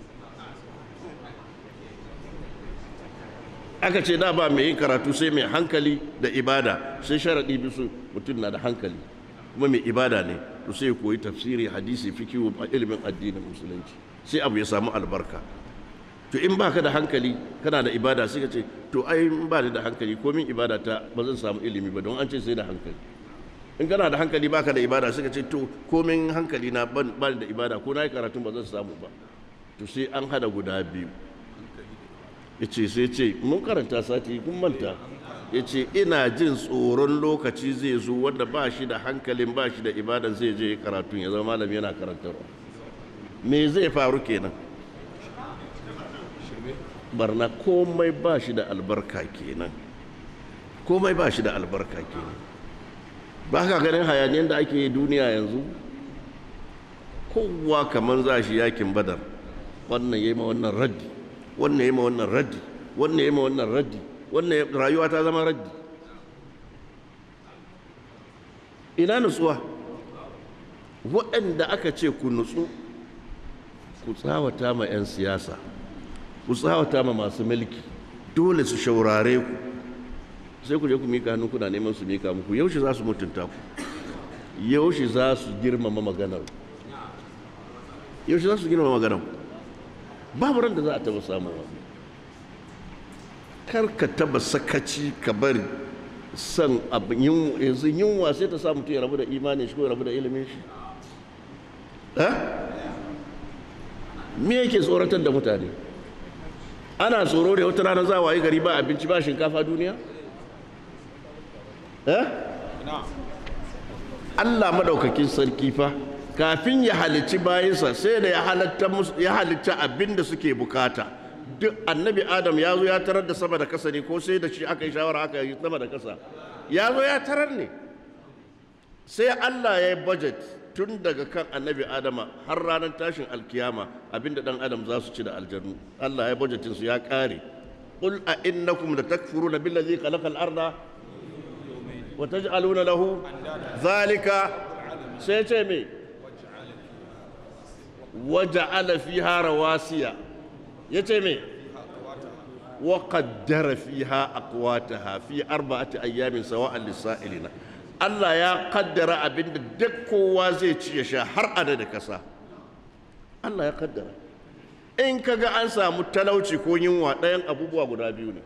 aka ce da ba mai yin karatu sai mai hankali da ibada sai sharaɗi bisu mutum na da hankali kuma mai ibada ne to sai koyi tafsiri hadisi fikihu ilimin addinin musulunci sai abu ya samu albarka to in ba ka da hankali kana da ibada sai ka ce to ai in ba da hankali komin ibada ta ba zan samu ilimi ba don an ce sai da hankali in kana da hankali ba ka da ibada sai ka ce to komin hankali na ban ba da ibada ko na yi karatun ba zan samu ba to sai an hada guda biyu ya ce sai ce mun karanta sati kun manta ya ce ina jin tsoron lokaci zai zo wanda ba shi da hankalin ba shi da ibadan zai je karatun ya zama malam yana karantarwa me zai faru kenan barna komai ba shi da albarka kenan komai ba shi da albarka kenan ba ka ganin hayaniyar da ake duniya yanzu kowa kamar za shi yakin badar wannan ya yi ma wannan raddi wannan ya yi ma wannan raddi wannan ya yi ma wannan raddi wannan rayuwa ta zama raddi ina nutsuwa waɗanda aka ce ku nutsu ku tsawata ma 'yan siyasa ku tsawata ma masu mulki dole su shaurare ku sai ku je ku mika hannu kuna neman su mika muku yaushe za su mutunta ku yaushe za su girmama maganar yaushe za su girmama maganar babu ran da za a taba samuwa kar ka taba sakaci ka bari san abin yanzu yunwa sai ta sa mutum ya rabu da imanin shi ko ya rabu da ilimin shi eh? me yake tsoratar da mutane ana tsoro da wata rana za wayi gari ba abinci ba shinkafa duniya eh Allah madaukakin sarki fa kafin ya halicci bayansa sai da ya halatta ya halitta abin da suke bukata duk annabi adam ya zo ya tarar da sama da kasa ne ko sai da shi aka yi shawara aka yi sama da kasa ya zo ya tarar ne sai Allah ya yi budget tun daga kan annabi adama har ranar tashin alkiyama abinda dan adam za su ci da aljannu Allah ya bajetin su ya kare qul a innakum la na billazi khalaqa al-arda wa taj'aluna lahu zalika sai ce me waja'ala fiha rawasiya ce me وقدر فيها أقواتها في أربعة أيام سواء للسائلين Allah ya kaddara abinda duk kowa zai ci ya sha har da kasa Allah ya kaddara in kaga an samu talauci ko yunwa ɗayan abubuwa guda biyu ne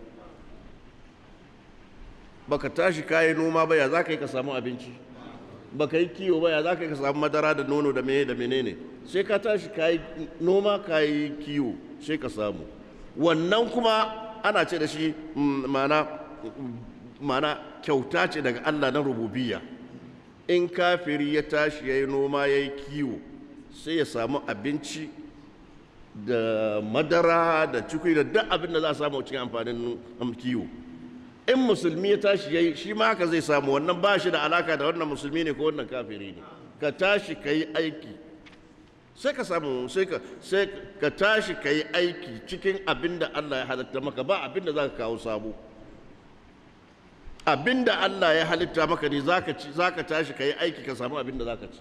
baka tashi kayi noma ba ya za ka yi ka samu abinci baka yi kiwo ba ya za ka yi ka samu madara da nono da mene da menene sai ka tashi kayi noma kayi kiwo sai ka samu wannan kuma ana ce da shi mana mm, mana kyauta ce daga Allah na rububiyya in kafiri ya tashi ya yi noma ya yi kiwo sai ya samu abinci da madara da cikin da duk abin da za a samu cikin amfanin kiwo in musulmi ya tashi ya yi shi ma haka zai samu wannan ba shi da alaka da wannan musulmi ne ko wannan kafiri ne ka tashi ka yi aiki sai ka samu sai ka sai ka tashi ka yi aiki cikin abin da Allah ya halatta maka ba abin da za ka kawo sabo abinda Allah ya halitta maka ne zaka ci zaka tashi kai aiki ka samu abinda zaka ci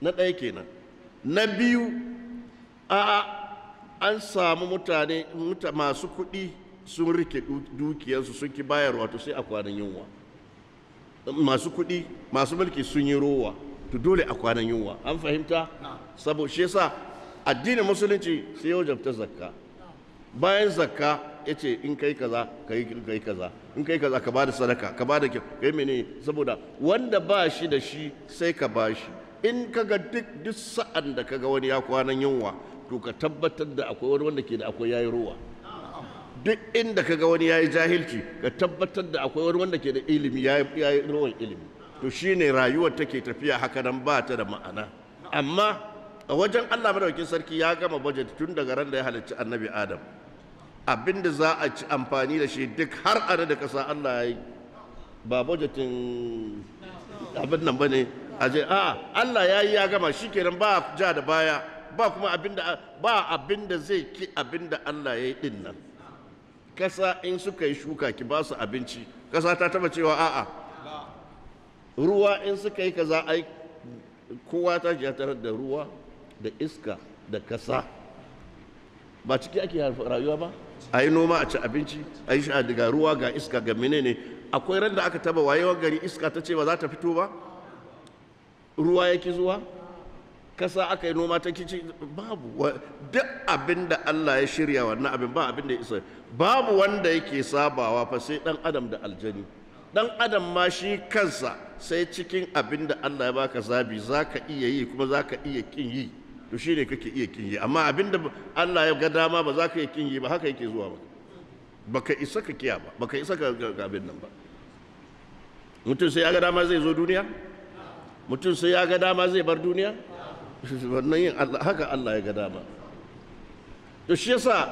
na ɗaya kenan na biyu a an samu mutane masu kuɗi sun rike dukiyarsu sun ki bayarwa to sai a kwanan yunwa masu kuɗi masu mulki sun yi rowa to dole a kwanan yunwa an fahimta saboda shi yasa addinin musulunci sai yau wajabta zakka bayan zakka ce in kai kaza ka kai kaza in kai kaza ka ba da sadaka ka ba da kyau, ka yi mini saboda wanda ba shi da shi sai ka ba shi. in ka duk duk sa'an da ka ga wani ya kwanan yunwa to ka tabbatar da akwai wani wanda ke da akwai yayi ruwa duk inda ka ga wani yayi jahilci ka tabbatar da akwai wani wanda ke da ilimi yayi ruwan ilimi to shine rayuwar take tafiya haka nan ba ta da ma'ana amma a wajen Allah madaukakin sarki ya gama budget tun daga ran da ya halicci annabi Adam abinda za a ci amfani da shi duk har ana da kasa Allah ya yi ba budgetin abin nan bane ne? a Allah ya yi ya gama shi nan ba ja da baya ba kuma abinda ba abinda zai ki abinda Allah ya yi din nan kasa in suka yi shuka ki ba su abinci kasa ta taba cewa a'a ruwa in suka yi kaza ai kowa ta ji tarar da ruwa da iska da kasa ba ciki ake rayuwa ba a yi noma a ci abinci a yi sha ruwa ga iska ga menene akwai ran da aka taba wayewar gari iska ta ce ba za ta fito ba ruwa yake zuwa kasa aka yi noma ta kici babu duk abin da Allah ya shirya wannan abin ba abin da isa babu wanda yake sabawa fa sai dan adam da aljani dan adam ma shi kansa sai cikin abin da Allah ya baka zabi zaka iya yi kuma zaka iya kin yi to shi ne kake iya kinyi amma abinda Allah ya ga dama ba za ka iya kinyi ba haka yake zuwa ba baka isa ka kiya ba baka isa ka ga abin nan ba mutum sai ya ga dama zai zo duniya mutum sai ya ga dama zai bar duniya wannan yin haka Allah ya ga dama to shi yasa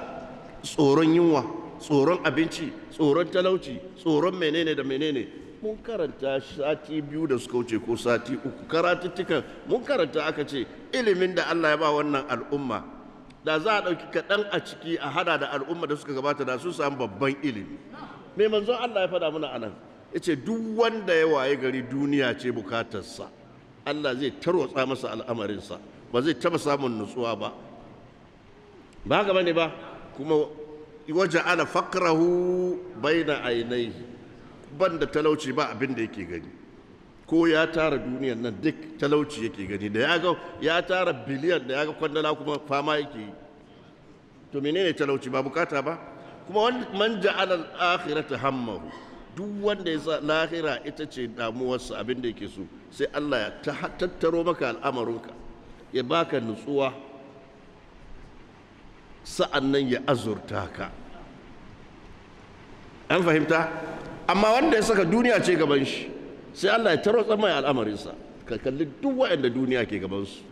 tsoron yunwa tsoron abinci tsoron talauci tsoron menene da menene mun karanta sati biyu da suka wuce ko sati uku karatuttukan mun karanta aka ce ilimin da Allah ya ba wannan al'umma da za a ɗauki kaɗan a ciki a hada da al'umma da suka gabata da su samu babban ilimi mai manzon Allah ya faɗa mana anan ce duk wanda ya waye gari duniya ce bukatarsa Allah zai tarwatsa masa al'amarinsa ba zai taba samun nutsuwa ba ba gaba ne ba kuma waje ana fakrahu baina ainihi ban da talauci ba abin da yake gani ko ya tara duniyar nan duk talauci yake gani da ya ga ya tara biliyan da ya ga kwandala kuma fama yake yi to menene talauci ba bukata ba kuma wanda man ja'ala al-akhirata hammahu duk wanda ya sa lahira ita ce damuwarsa abin da yake so sai Allah ya tattaro maka al'amarinka ya baka nutsuwa sa'an nan ya azurta ka an fahimta amma wanda ya saka duniya ce gaban shi sai Allah ya tarotsa mai al'amarinsa ka kalli duk waɗanda duniya ke gaban su.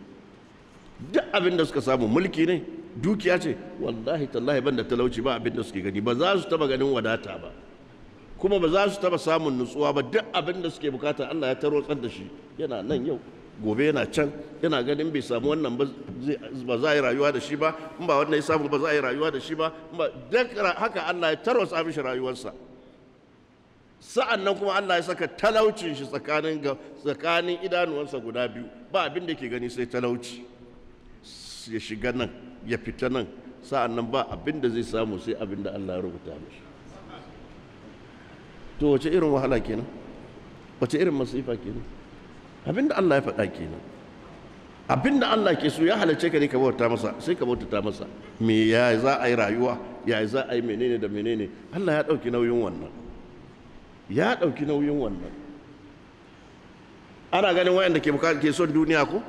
duk abin da suka samu mulki ne dukiya ce wallahi tallahi banda talauci ba abin da suke gani ba za su taba ganin wadata ba kuma ba za su taba samun nutsuwa ba duk abin da suke bukata Allah ya taro tarotsar da shi yana nan yau gobe yana can yana ganin bai samu wannan ba za a yi rayuwa da shi ba in ba wannan ya samu ba za a yi rayuwa da shi ba duk haka Allah ya taro tarwatsa mishi rayuwarsa sa'an nan kuma Allah ya saka talaucin shi tsakanin tsakanin idanuwansa guda biyu ba abin da ke gani sai talauci ya shiga nan ya fita nan sa'an nan ba abin da zai samu sai abin da Allah ya rubuta mashi to wace irin wahala kenan wace irin masifa kenan abin da Allah ya faɗa kenan abin da Allah ke so ya halarce ka ne ka bauta masa sai ka bauta masa me ya za a yi rayuwa ya za a yi menene da menene Allah ya ɗauki nauyin wannan ya ɗauki nauyin wannan ana ganin wayanda ke ke son duniya ko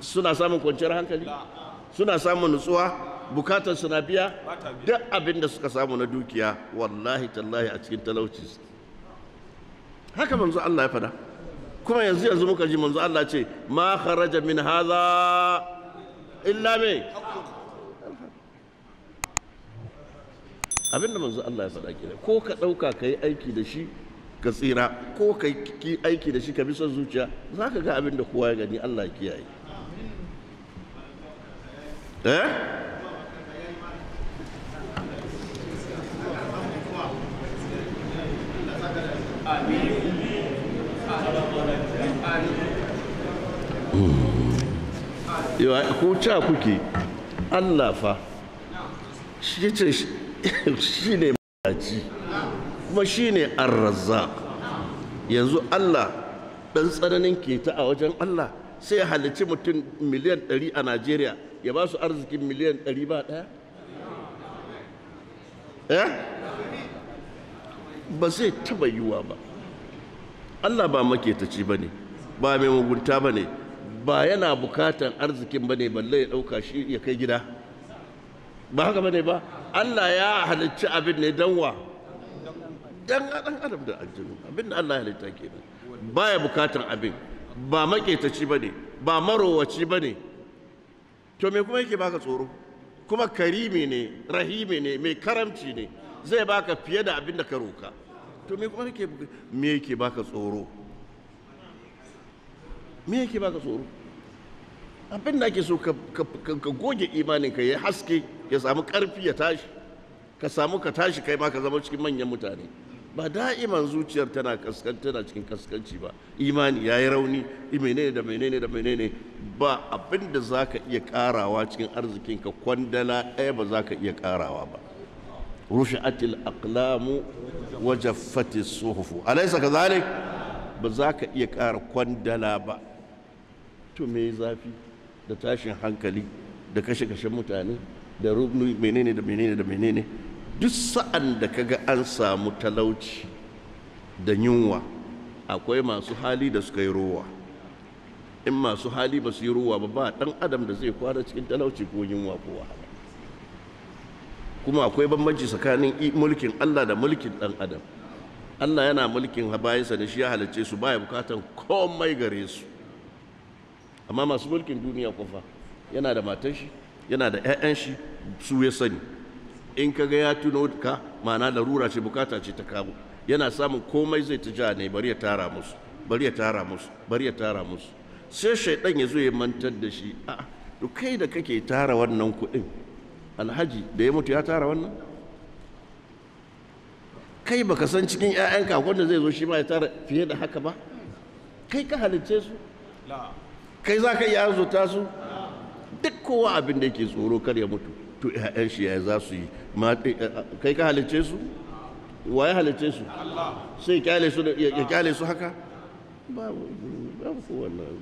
suna samun kwanciyar hankali suna samun nutsuwa bukatar suna biya duk abin da suka samu na dukiya wallahi tallahi a cikin talauci haka manzo Allah ya fada kuma yanzu yanzu muka ji manzo Allah ce ma kharaja min hadha illa me abinda manzo Allah ya faɗa kenan ko ka ɗauka ka yi aiki da shi ka tsira ko ka yi aiki da shi ka bi son zuciya za ka ga abin da kowa ya gani Allah ya kiyaye eh hmm. yawa ko ca kuke Allah fa shi ce shi ne maci kuma shi ne arraza yanzu Allah ɗan tsananin keta a wajen Allah sai halici mutum miliyan 100 a Najeriya ya ba su arzikin miliyan 100 ba ɗaya? Eh? ba zai taɓa yiwa ba Allah ba maketaci ba ne ba mai mugunta ba ne ba yana bukatan arzikin ba ne balle ya ɗauka shi ya kai gida ba haka ba ne ba Allah ya halicci abin ne dan wa ɗan adam da aljinu abin da Allah ya halitta ba baya bukatar abin ba maƙetaci ba ne, ba marowaci ne. to me kuma yake baka tsoro kuma karimi ne rahimi ne mai karamci ne zai baka fiye da abin da ka roka to me kuma yake me yake baka tsoro me yake baka tsoro abin da ake so ka goge imanin ka ya haske ya samu karfi ya tashi ka samu ka tashi kai ma ka zama cikin manyan mutane ba da'iman zuciyar tana kaskan tana cikin kaskanci ba imani ya yi rauni menene da menene da menene ba abin da za ka iya karawa cikin arzikin ka kwandala ɗaya ba za ka iya karawa ba rushi'atil atil wa jaffati suhufu ka kadhalik ba za ka iya kara kwandala ba to me zafi da tashin hankali da kashe-kashen mutane da rubnu menene da menene da menene duk sa'an da kaga an samu talauci da yunwa akwai masu hali da suka yi ruwa. in masu hali ba su yi ruwa ba ba dan adam da zai kwana cikin talauci ko yunwa ko wahala kuma akwai bambanci tsakanin mulkin Allah da mulkin ɗan adam Allah yana mulkin Habayinsa da shi ya halicce su baya bukatan komai gare su amma masu mulkin duniya kufa yana da matan shi yana da 'ya'yan shi su ya sani in ka ga ya tuno ka ma'ana larura ce bukata ce ta kabo yana samun komai zai ta ja ne bari ya tara musu bari ya tara musu bari ya tara musu sai shaidan ya zo ya mantar da shi a to kai da kake tara wannan kuɗin alhaji da ya mutu ya tara wannan kai baka san cikin 'ya'yanka wanda zai zo shi ma ya tara fiye da haka ba kai ka halicce su kai za ka iya arzuta su duk kowa abin da yake tsoro kar ya mutu to ƴaƴan shi ya za su yi eh, eh, kai ka halicce su wa ya halicce su sai kyale su ya kyale su haka babu babu wannan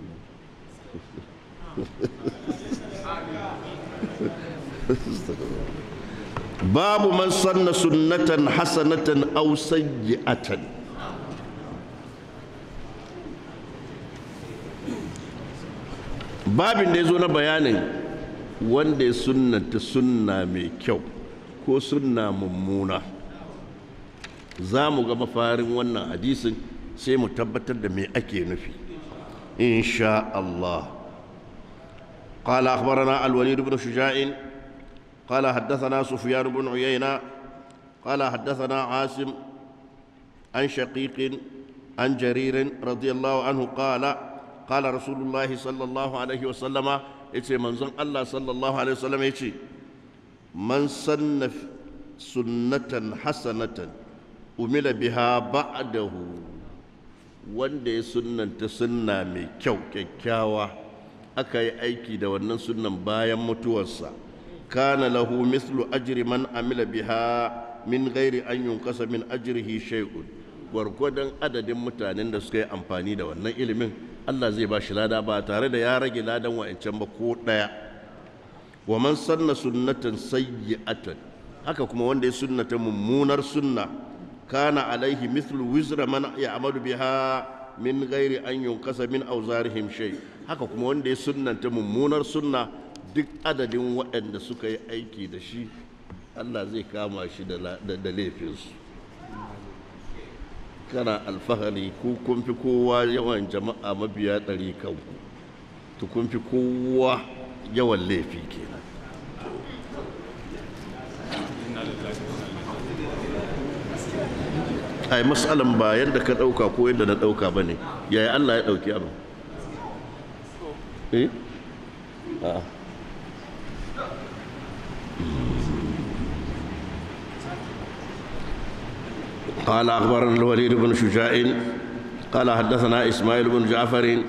babu man sanna sunnatan hasanatan aw sayyi'atan babin da ya zo na bayanin wanda ya sunnanta sunna mai kyau ko sunna mummuna za mu ga mafarin wannan hadisin sai mu tabbatar da me ake nufi insha Allah قال أخبرنا الوليد بن شجاع قال حدثنا سفيان بن عيينة قال حدثنا عاصم عن شقيق عن جرير رضي الله عنه قال qala rasulullahi sallallahu alaihi wasallama yace manzon Allah sallallahu alaihi wasallama yace man sanna sunnatan hasanatan wanda ya sunnanta sunna mai kyau kyakkyawa aka yi aiki da wannan sunnan bayan mutuwarsa kana lahu mislu ajri man amila biha min ghairi an yunkasa min ajrihi shay'un gwargwadon adadin mutanen da suka yi amfani da wannan ilimin Allah zai ba shi lada ba tare da ya rage ladan wa'ancan ba ko ɗaya wa man sanna sunnatan sayyi'atan haka kuma wanda ya sunnata mummunar sunna kana alaihi mithl wizra man ya'malu biha min ghairi an yunkasa min awzarihim shay haka kuma wanda ya sunnata mummunar sunna duk adadin waɗanda suka yi aiki da shi Allah zai kama shi da laifinsu kana alfahari ku kun fi kowa yawan jama'a mabiya ɗari ku to kun fi kowa yawan laifi kenan yi matsalan ba yadda ka ɗauka ko yadda na ɗauka ba ne yaya allah ya ɗauki abin eh? ah. قال أخبرنا الوليد بن شجاع قال حدثنا إسماعيل بن جعفر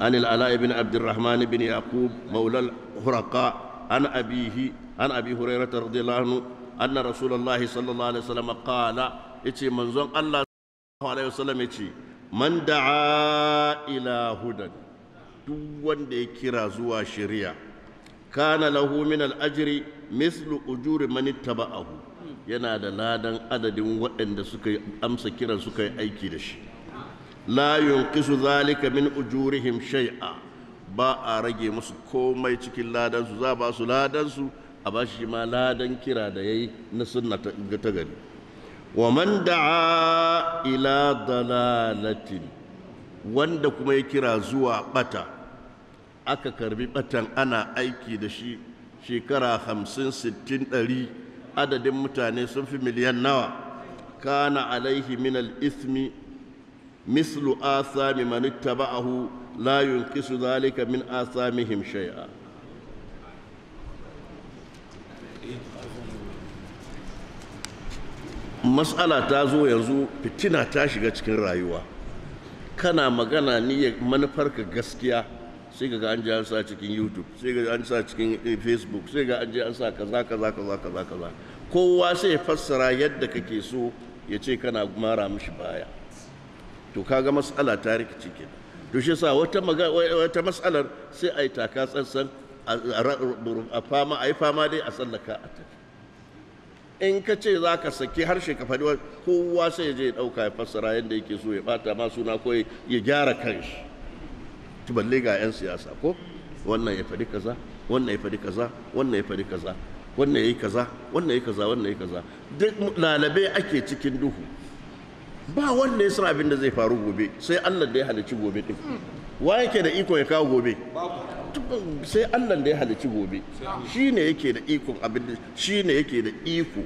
عن العلاء بن عبد الرحمن بن يعقوب مولى الهرقاء عن أبيه عن أبي هريرة رضي الله عنه أن رسول الله صلى الله عليه وسلم قال إتي منزون الله صلى الله عليه وسلم إتي من دعا إلى هدى دون كرا زوا شريعة كان له من الأجر مثل أجور من اتبعه yana da ladan adadin waɗanda suka amsa kiran suka yi aiki da shi Layun Kisu, zalika min ujurihim shay'a ba a rage musu komai cikin ladansu za ba su ladansu a ba shi ma ladan kira da yi na sunna ta gari wa man da'a ila dalalatin wanda kuma ya kira zuwa bata aka karbi batan ana aiki da shi shekara hamsin sittin ɗari adadin mutane sun fi miliyan nawa kana alaihi min al-ismi mislu asami man ittaba'ahu la yunqisu dhalika min asamihim shay'a matsala ta zo yanzu fitina ta shiga cikin rayuwa kana magana ni manufarka gaskiya sai ga an je an sa cikin youtube sai ga an sa cikin eh, facebook sai ga an je an sa kaza kaza kaza kaza kaza kowa sai ya fassara yadda kake so ya ce kana mara mishi baya to kaga matsala ta rikici cikin to shi sa wata wata sai a yi taka tsantsan a fama a yi fama dai a tsallaka a tafi in ka ce za ka saki harshe ka faɗi kowa sai ya je ya ɗauka ya fassara yadda yake so ya ɓata ma suna ko ya gyara kanshi ci balle ga 'yan siyasa ko wannan ya faɗi kaza wannan ya faɗi kaza wannan ya faɗi kaza wannan ya yi kaza wannan ya yi kaza wannan ya yi kaza duk lalabe ake cikin duhu ba wannan ya san abin da zai faru gobe sai Allah da ya halici gobe din wa yake da iko ya kawo gobe sai Allah da ya halici gobe shine yake da iko abin da shine yake da iko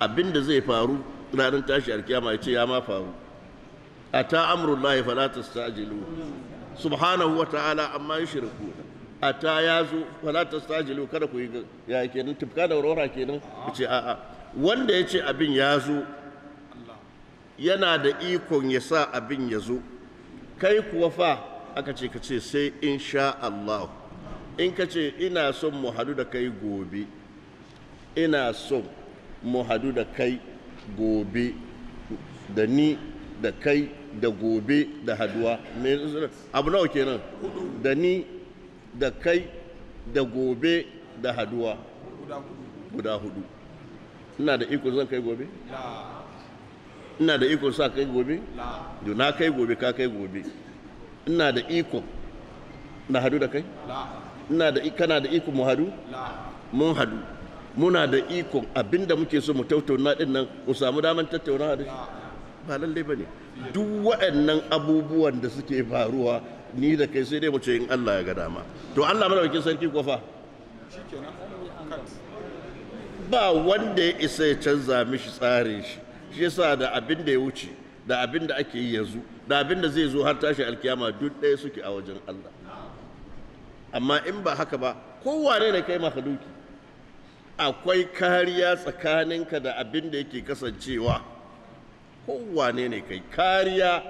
abin da zai faru ranar tashi alkiyama ya ce ya ma faru ata amrullahi fala tastajilu subhanahu wa ta'ala amma yushriku ata yazo fala tastajilu kada ku yi ya kenan tufka da warwara kenan ku ce a'a wanda ya ce abin ya zo yana da ikon ya sa abin ya zo kai kuwa fa aka ce ka ce sai insha Allah in ka ce ina son mu hadu da kai gobe ina son mu hadu da kai gobe da ni da kai da gobe da haduwa abu nawa kenan da ni da kai da gobe da haduwa guda hudu ina da iko zan kai gobe ina da iko sa kai gobe na kai gobe ka kai gobe ina da iko na hadu da kai ina da kana da iko mu hadu mun hadu muna da iko abinda muke so mu tattauna din nan ku samu damar tattauna da shi ba lalle ne. duk waɗannan abubuwan da suke faruwa ni da kai sai dai mace in Allah ya ga dama to Allah wakil sarki ko ba wanda ya isa ya canza mishi tsarin shi shi yasa da abin da ya wuce da abin da ake yi yanzu da abin da zai zo har tashi alkiyama duk ɗaya suke a wajen Allah amma in ba haka ba kowane ne kai mahaluki akwai kariya tsakaninka da abin da yake kasancewa kowane ne kai kariya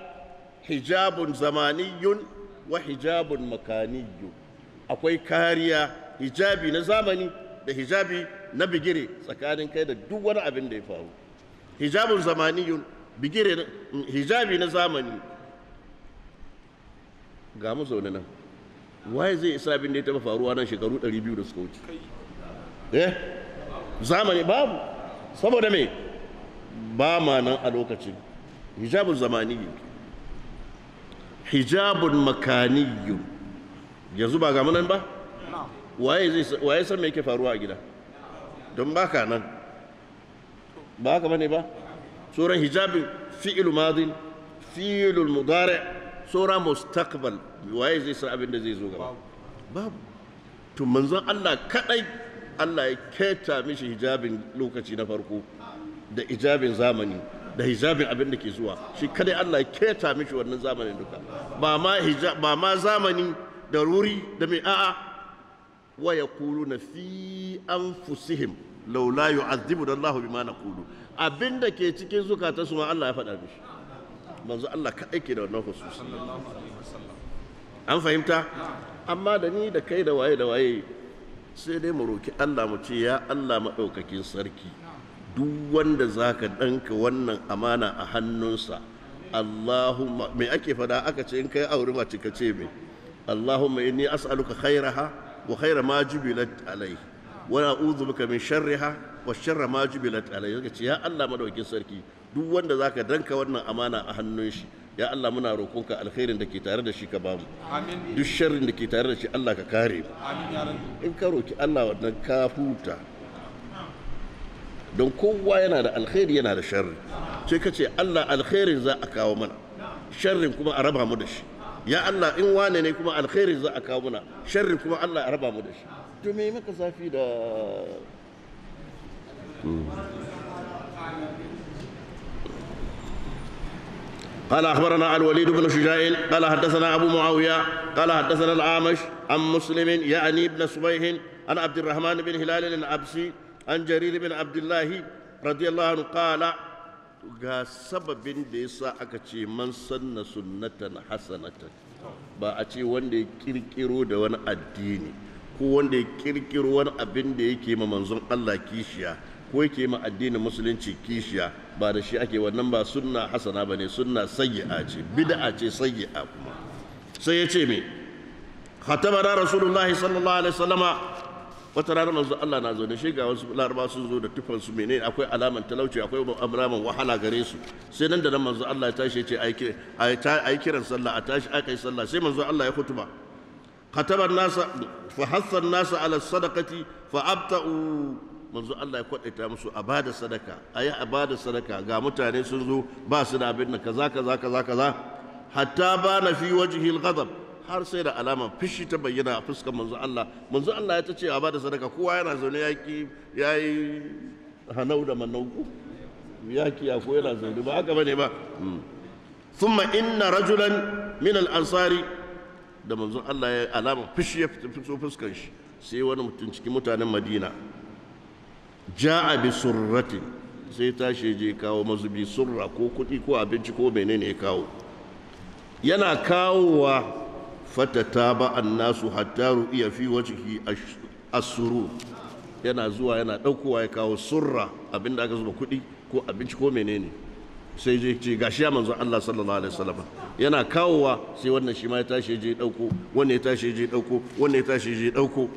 hijabun zamaniyun wa hijabun makaniyu akwai kariya hijabi na zamani da hijabi na bigire tsakanin kai da duk wani abin da ya faru hijabun zamaniyun bigire hijabi na zamani ga mu zaune nan waye zai isa abin da ya taba faruwa nan shekaru 200 da suka wuce eh zamani babu saboda me ba ma nan a lokacin hijabun yi, hijabun makaniyu yanzu ba ga nan ba waye san me ke faruwa a gida don ba ka nan ba ka bane ba tsoron hijabin fi'ilu madin fi'ilu mudare sauran mustaqbal waye zai san abin da zai zo gaba babu to manzon Allah kadai Allah ya keta mishi hijabin lokaci na farko da ijabin zamani da hijabin abin da ke zuwa shi kadai Allah ya keta mishi wannan zamanin duka ba ma zamani da ruri da mai a'a wa yaquluna fi anfusihim law la yu'adhibuna Allah bima naqulu abin da ke cikin zukata su ma Allah ya faɗa mishi manzo Allah ka ke da wannan hususi an fahimta amma da ni da kai da waye da waye sai dai mu roki Allah mu ce ya Allah maɗaukakin sarki duk wanda zaka danka wannan amana a hannunsa Allahumma me ake fada aka ce in kai aure mace ka ce me Allahumma inni as'aluka khairaha wa khaira ma jubilat alai wa a'udhu bika min sharriha wa sharra ma jubilat alai kaga ce ya Allah madaukin sarki duk wanda zaka danka wannan amana a hannun shi ya Allah muna roƙonka alkhairin da ke tare da shi ka bamu duk sharrin da ke tare da shi Allah ka kare in ka roki Allah wannan ka huta don kowa yana da alkhairi yana da sharri sai ka ce Allah alkhairin za a kawo mana sharrin kuma a raba mu da shi ya Allah in wane ne kuma alkhairin za a kawo mana sharrin kuma Allah a raba mu da shi to me maka zafi da قال أخبرنا الوليد بن شجاع قال حدثنا أبو معاوية قال حدثنا الأعمش عن مسلم يعني ابن سبيح عن عبد الرحمن بن هلال العبسي an jarir bin abdullahi radiyallahu anhu ga sababin da yasa aka ce man sanna sunnatan hasanatan ba a ce wanda ya kirkiro da wani addini ko wanda ya kirkiro wani abin da yake ma manzon Allah kishiya ko yake ma addinin musulunci kishiya ba da shi ake wannan ba sunna hasana bane sunna sayyi'a ce bid'a ce sayyi'a kuma sai ya ce me khatabana rasulullahi sallallahu alaihi wasallama wata rana manzo Allah na zaune shi ga wasu laraba sun zo da tufan su menene akwai alaman talauci akwai alaman wahala gare su sai nan da nan manzo Allah ya tashi ya ce ai kiran sallah a tashi aka yi sallah sai manzo Allah ya kutuba kataba nasa fa hassa nasa ala sadaqati fa abta'u manzo Allah ya kwadaita musu a bada sadaka ayi a bada sadaka ga mutane sun zo ba su da abin kaza kaza kaza kaza hatta na fi wajhi al-ghadab har sai da alama fishi ta bayyana a fuskar manzo Allah manzo Allah ya ta ce a bada sadaka kowa yana zaune yaki yayi hanau da manauku yaki ya ko yana zaune ba haka bane ba hmm. thumma inna rajulan min al-ansari da manzo Allah ya alama fishi ya fito fuskar shi sai wani mutum cikin mutanen Madina ja'a bi surrati sai tashi je kawo mazubi surra ko kuɗi ko abinci ko menene ya kawo yana kawowa fatataba annasu hatta ru'iya fi wajhi asuru yana zuwa yana daukowa ya kawo surra abinda aka zuba kuɗi ko abinci ko menene sai je ce gashi ya manzo Allah sallallahu alaihi wasallam yana kawowa sai wannan shi ma ya tashi je dauko wannan ya tashi je dauko wannan ya tashi je dauko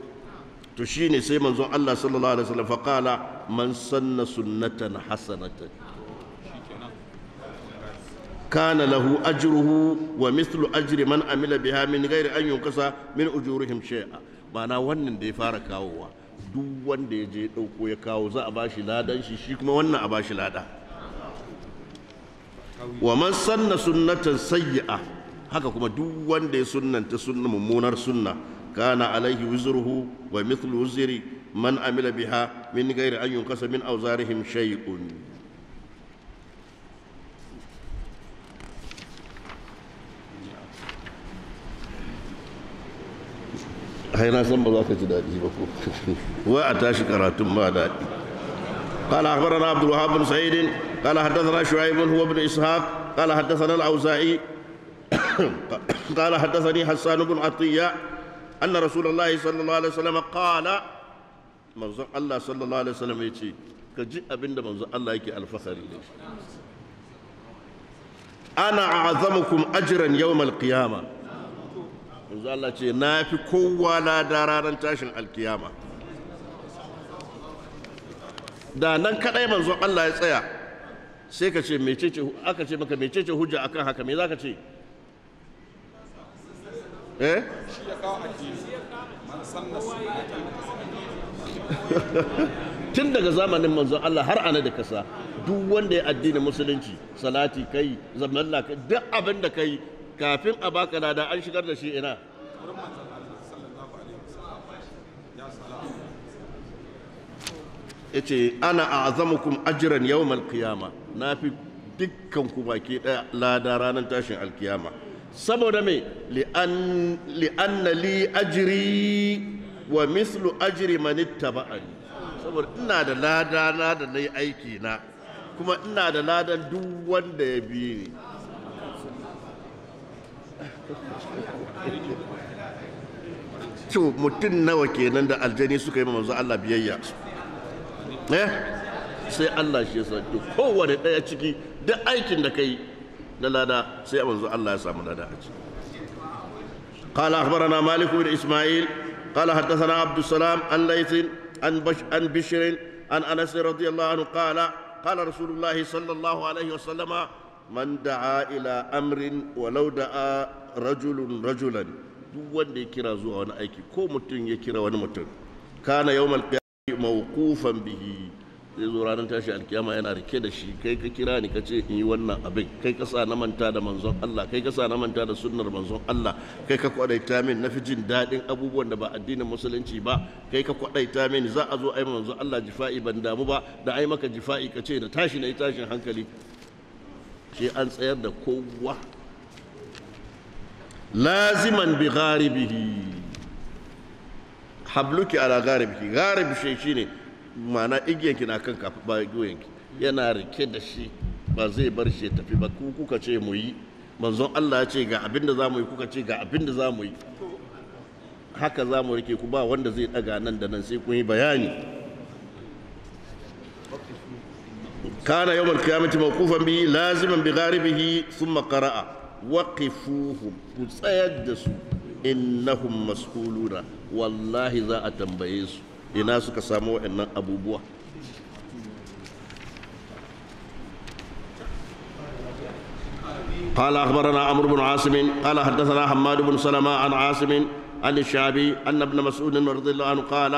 to shine sai manzo Allah sallallahu alaihi wasallam faqala man sanna sunnatan hasanatan kana lahu ajruhu wa mislu ajri man amila biha min ghairi an yunkasa min ujurihim shay'a ma'ana wannan da ya fara kawowa duk wanda ya je dauko ya kawo za a bashi ladan shi shi kuma wannan a bashi lada wa man sanna sunnatan sayyi'a haka kuma duk wanda ya sunnanta sunna mummunar sunna kana alaihi wizruhu wa mithlu wizri man amila biha min ghairi an yunkasa min awzarihim shay'un hai na san ba za ka ji daɗi ba ko wai a tashi karatun ma daɗi قال أخبرنا عبد الوهاب بن سعيد قال حدثنا شعيب هو ابن إسحاق قال حدثنا الأوزاعي قال حدثني حسان بن عطية أن رسول الله صلى الله عليه وسلم قال منظر الله صلى الله عليه وسلم يتي كجي أبن منظر الله يكي الفخر أنا أعظمكم أجرا يوم القيامة manzo Allah ce na fi kowa da ranar tashin alkiyama da nan kadai manzo Allah ya tsaya sai ka ce mecece aka ce maka mecece hujja akan haka me ka ce eh tun daga zamanin manzo Allah har ana da kasa duk wanda ya addini musulunci salati kai zaman duk abin da kai kafin a baka da an shigar da shi ina wurin manzon Allah sallallahu alaihi wasallam ya salam yace ana a'zamukum ajran yawmal qiyama nafi dukkan ku baki daya lada ranar tashin alkiyama saboda me li'anna li ajri wa mislu ajri man ittaba'ani saboda ina da lada na da nayi aiki na kuma ina da ladan duk wanda ya bi ni to mutum nawa kenan da aljani suka yi manzo Allah biyayya eh sai Allah shi ya sauke kowane daya ciki duk aikin da kai na lada sai manzo Allah ya samu lada a ciki قال أخبرنا مالك بن إسماعيل قال حدثنا عبد السلام عن ليث عن, بش عن بشر عن أنس رضي الله عنه قال قال رسول الله صلى الله عليه وسلم من دعا إلى أمر ولو دعا رجل رجلا duk wanda ya kira zuwa wani aiki ko mutum ya kira wani mutum kana yawmal qiyamati mawqufan bihi zai zo ranar tashi alkiyama yana rike da shi kai ka kira ni ka ce in yi wannan abin kai ka sa na manta da manzon Allah kai ka sa na manta da sunnar manzon Allah kai ka kwadaita min na fi jin daɗin abubuwan da ba addinin musulunci ba kai ka kwadaita min za a zo ai manzon Allah jifa'i ban damu ba da ai maka jifa'i ka ce da tashi na yi tashin hankali sai an tsayar da kowa laziman bi gharibihi habluki ala gharibihi gharib shi shine ma'ana igiyanki na kan kafa ba igiyanki yana rike da shi ba zai bar shi ya tafi ba ku kuka ce mu yi manzon Allah ya ce ga abin da zamu yi kuka ce ga abin da zamu yi haka zamu rike ku ba wanda zai daga nan da nan sai kun yi bayani kana yawmal qiyamati mawqufan bi laziman bi gharibihi thumma qara'a waqifuhum ku tsayar da su innahum mas'uluna wallahi za a tambaye su ina suka samu waɗannan abubuwa قال أخبرنا عمرو بن عاصم قال حدثنا حماد بن سلمة عن عاصم عن الشعبي أن ابن مسعود رضي الله عنه قال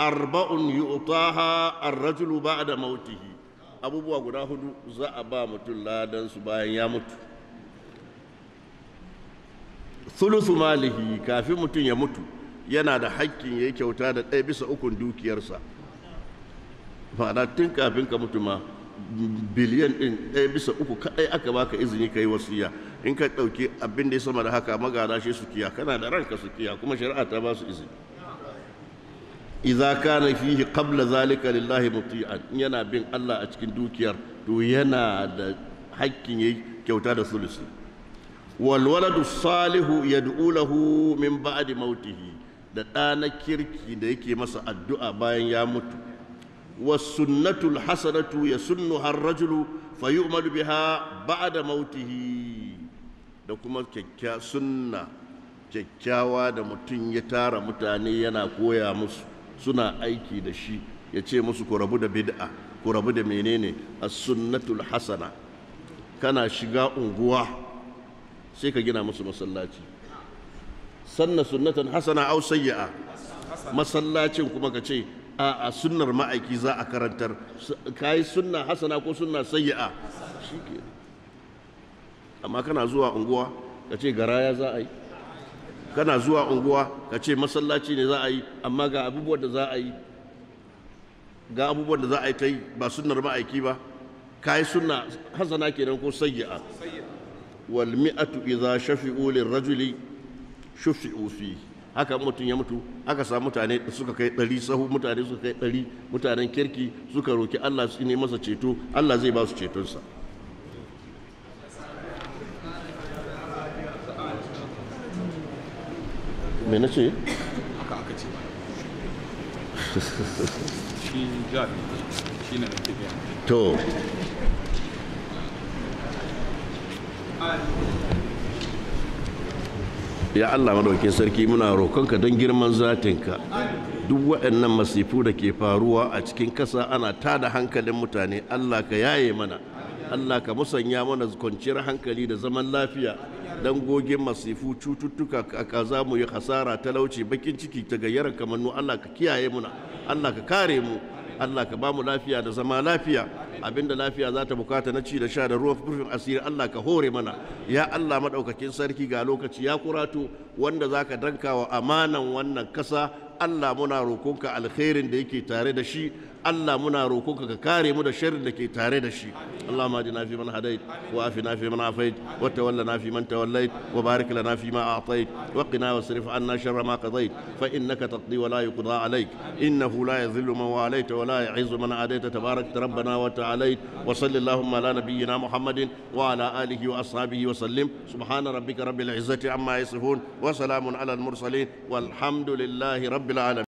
أربع يؤطاها الرجل بعد موته أبو بكر هدو زأبا متلا دنس باين يموت thuluthu malihi kafin mutum ya mutu yana da haƙƙin ya yi kyauta da ɗaya bisa ukun dukiyarsa ma'ana tun kafin ka mutu ma biliyan ɗin ɗaya bisa uku kaɗai aka baka izini ka yi wasiya in ka ɗauki abin da ya sama da haka magana shi su kiya kana da ranka su kiya kuma shari'a ta ba su izini idza kana fihi qabla zalika lillahi muti'an yana bin Allah a cikin dukiyar to yana da hakkin yayi kyauta da sulusi والولد الصالح يدعو له من بعد موته da ɗana kirki da yake masa addu'a bayan ya mutu wasunnatul hasanatu ya sunnu har rajulu fa yu'malu biha mautihi da kuma kyakkya sunna kyakkyawa da mutum ya tara mutane yana koya musu suna aiki da shi ya ce musu ku rabu da bid'a ku rabu da menene a sunnatul hasana kana shiga unguwa sai ka gina musu masallaci sanna sunnatan hasana aw sayyi'a masallacin kuma ka ce a a sunnar ma'aiki za a karantar kai sunna hasana ko sunna sayyi'a shikenan amma kana zuwa unguwa ka ce garaya za a yi kana zuwa unguwa ka ce masallaci ne za a yi amma ga abubuwan da za a yi ga abubuwan da za a yi ta yi ba sunnar ma'aiki ba ka yi sunna hasana kenan ko sayyi'a walmi'atu إذا shafi'u للرجل شفعوا fi haka mutum ya mutu aka samu mutane suka kai ɗari sahu mutane suka kai ɗari mutanen kirki suka roki Allah su ne masa ceto Allah zai ba su cetonsa me na ce haka aka ce shi shi ne to ya Allah madaukin sarki muna roƙonka don girman zatinka duk waɗannan masifu da ke faruwa a cikin ƙasa ana tada hankalin mutane Allah ka yaye mana Allah ka musanya mana kwanciyar hankali da zaman lafiya don gogin masifu cututtuka a kaza mu yi hasara talauci bakin ciki ta gayyarar kamannu Allah ka kiyaye muna Allah ka kare mu Allah ka ba mu lafiya da zama lafiya abinda lafiya za ta bukata na ci da sha da ruwan rufin asiri Allah ka hore mana ya Allah madaukakin sarki ga lokaci ya kurato wanda zaka dankawa amanan wannan kasa Allah muna rokonka alkhairin da yake tare da shi Allah muna rokonka ka kare mu da sharrin da ke tare da shi Allah ma dina fi man hadait wa afina fi man afait wa tawallana fi man tawallait wa barik lana fi ma a'tait wa qina wasrif anna sharra ma qadait fa innaka taqdi wa la yuqda alayk innahu la yadhillu man walayta wa la yu'izzu man adayta tabarak rabbana wa عليه وصل اللهم على نبينا محمد وعلى آله وأصحابه وسلم سبحان ربك رب العزة عما يصفون وسلام على المرسلين والحمد لله رب العالمين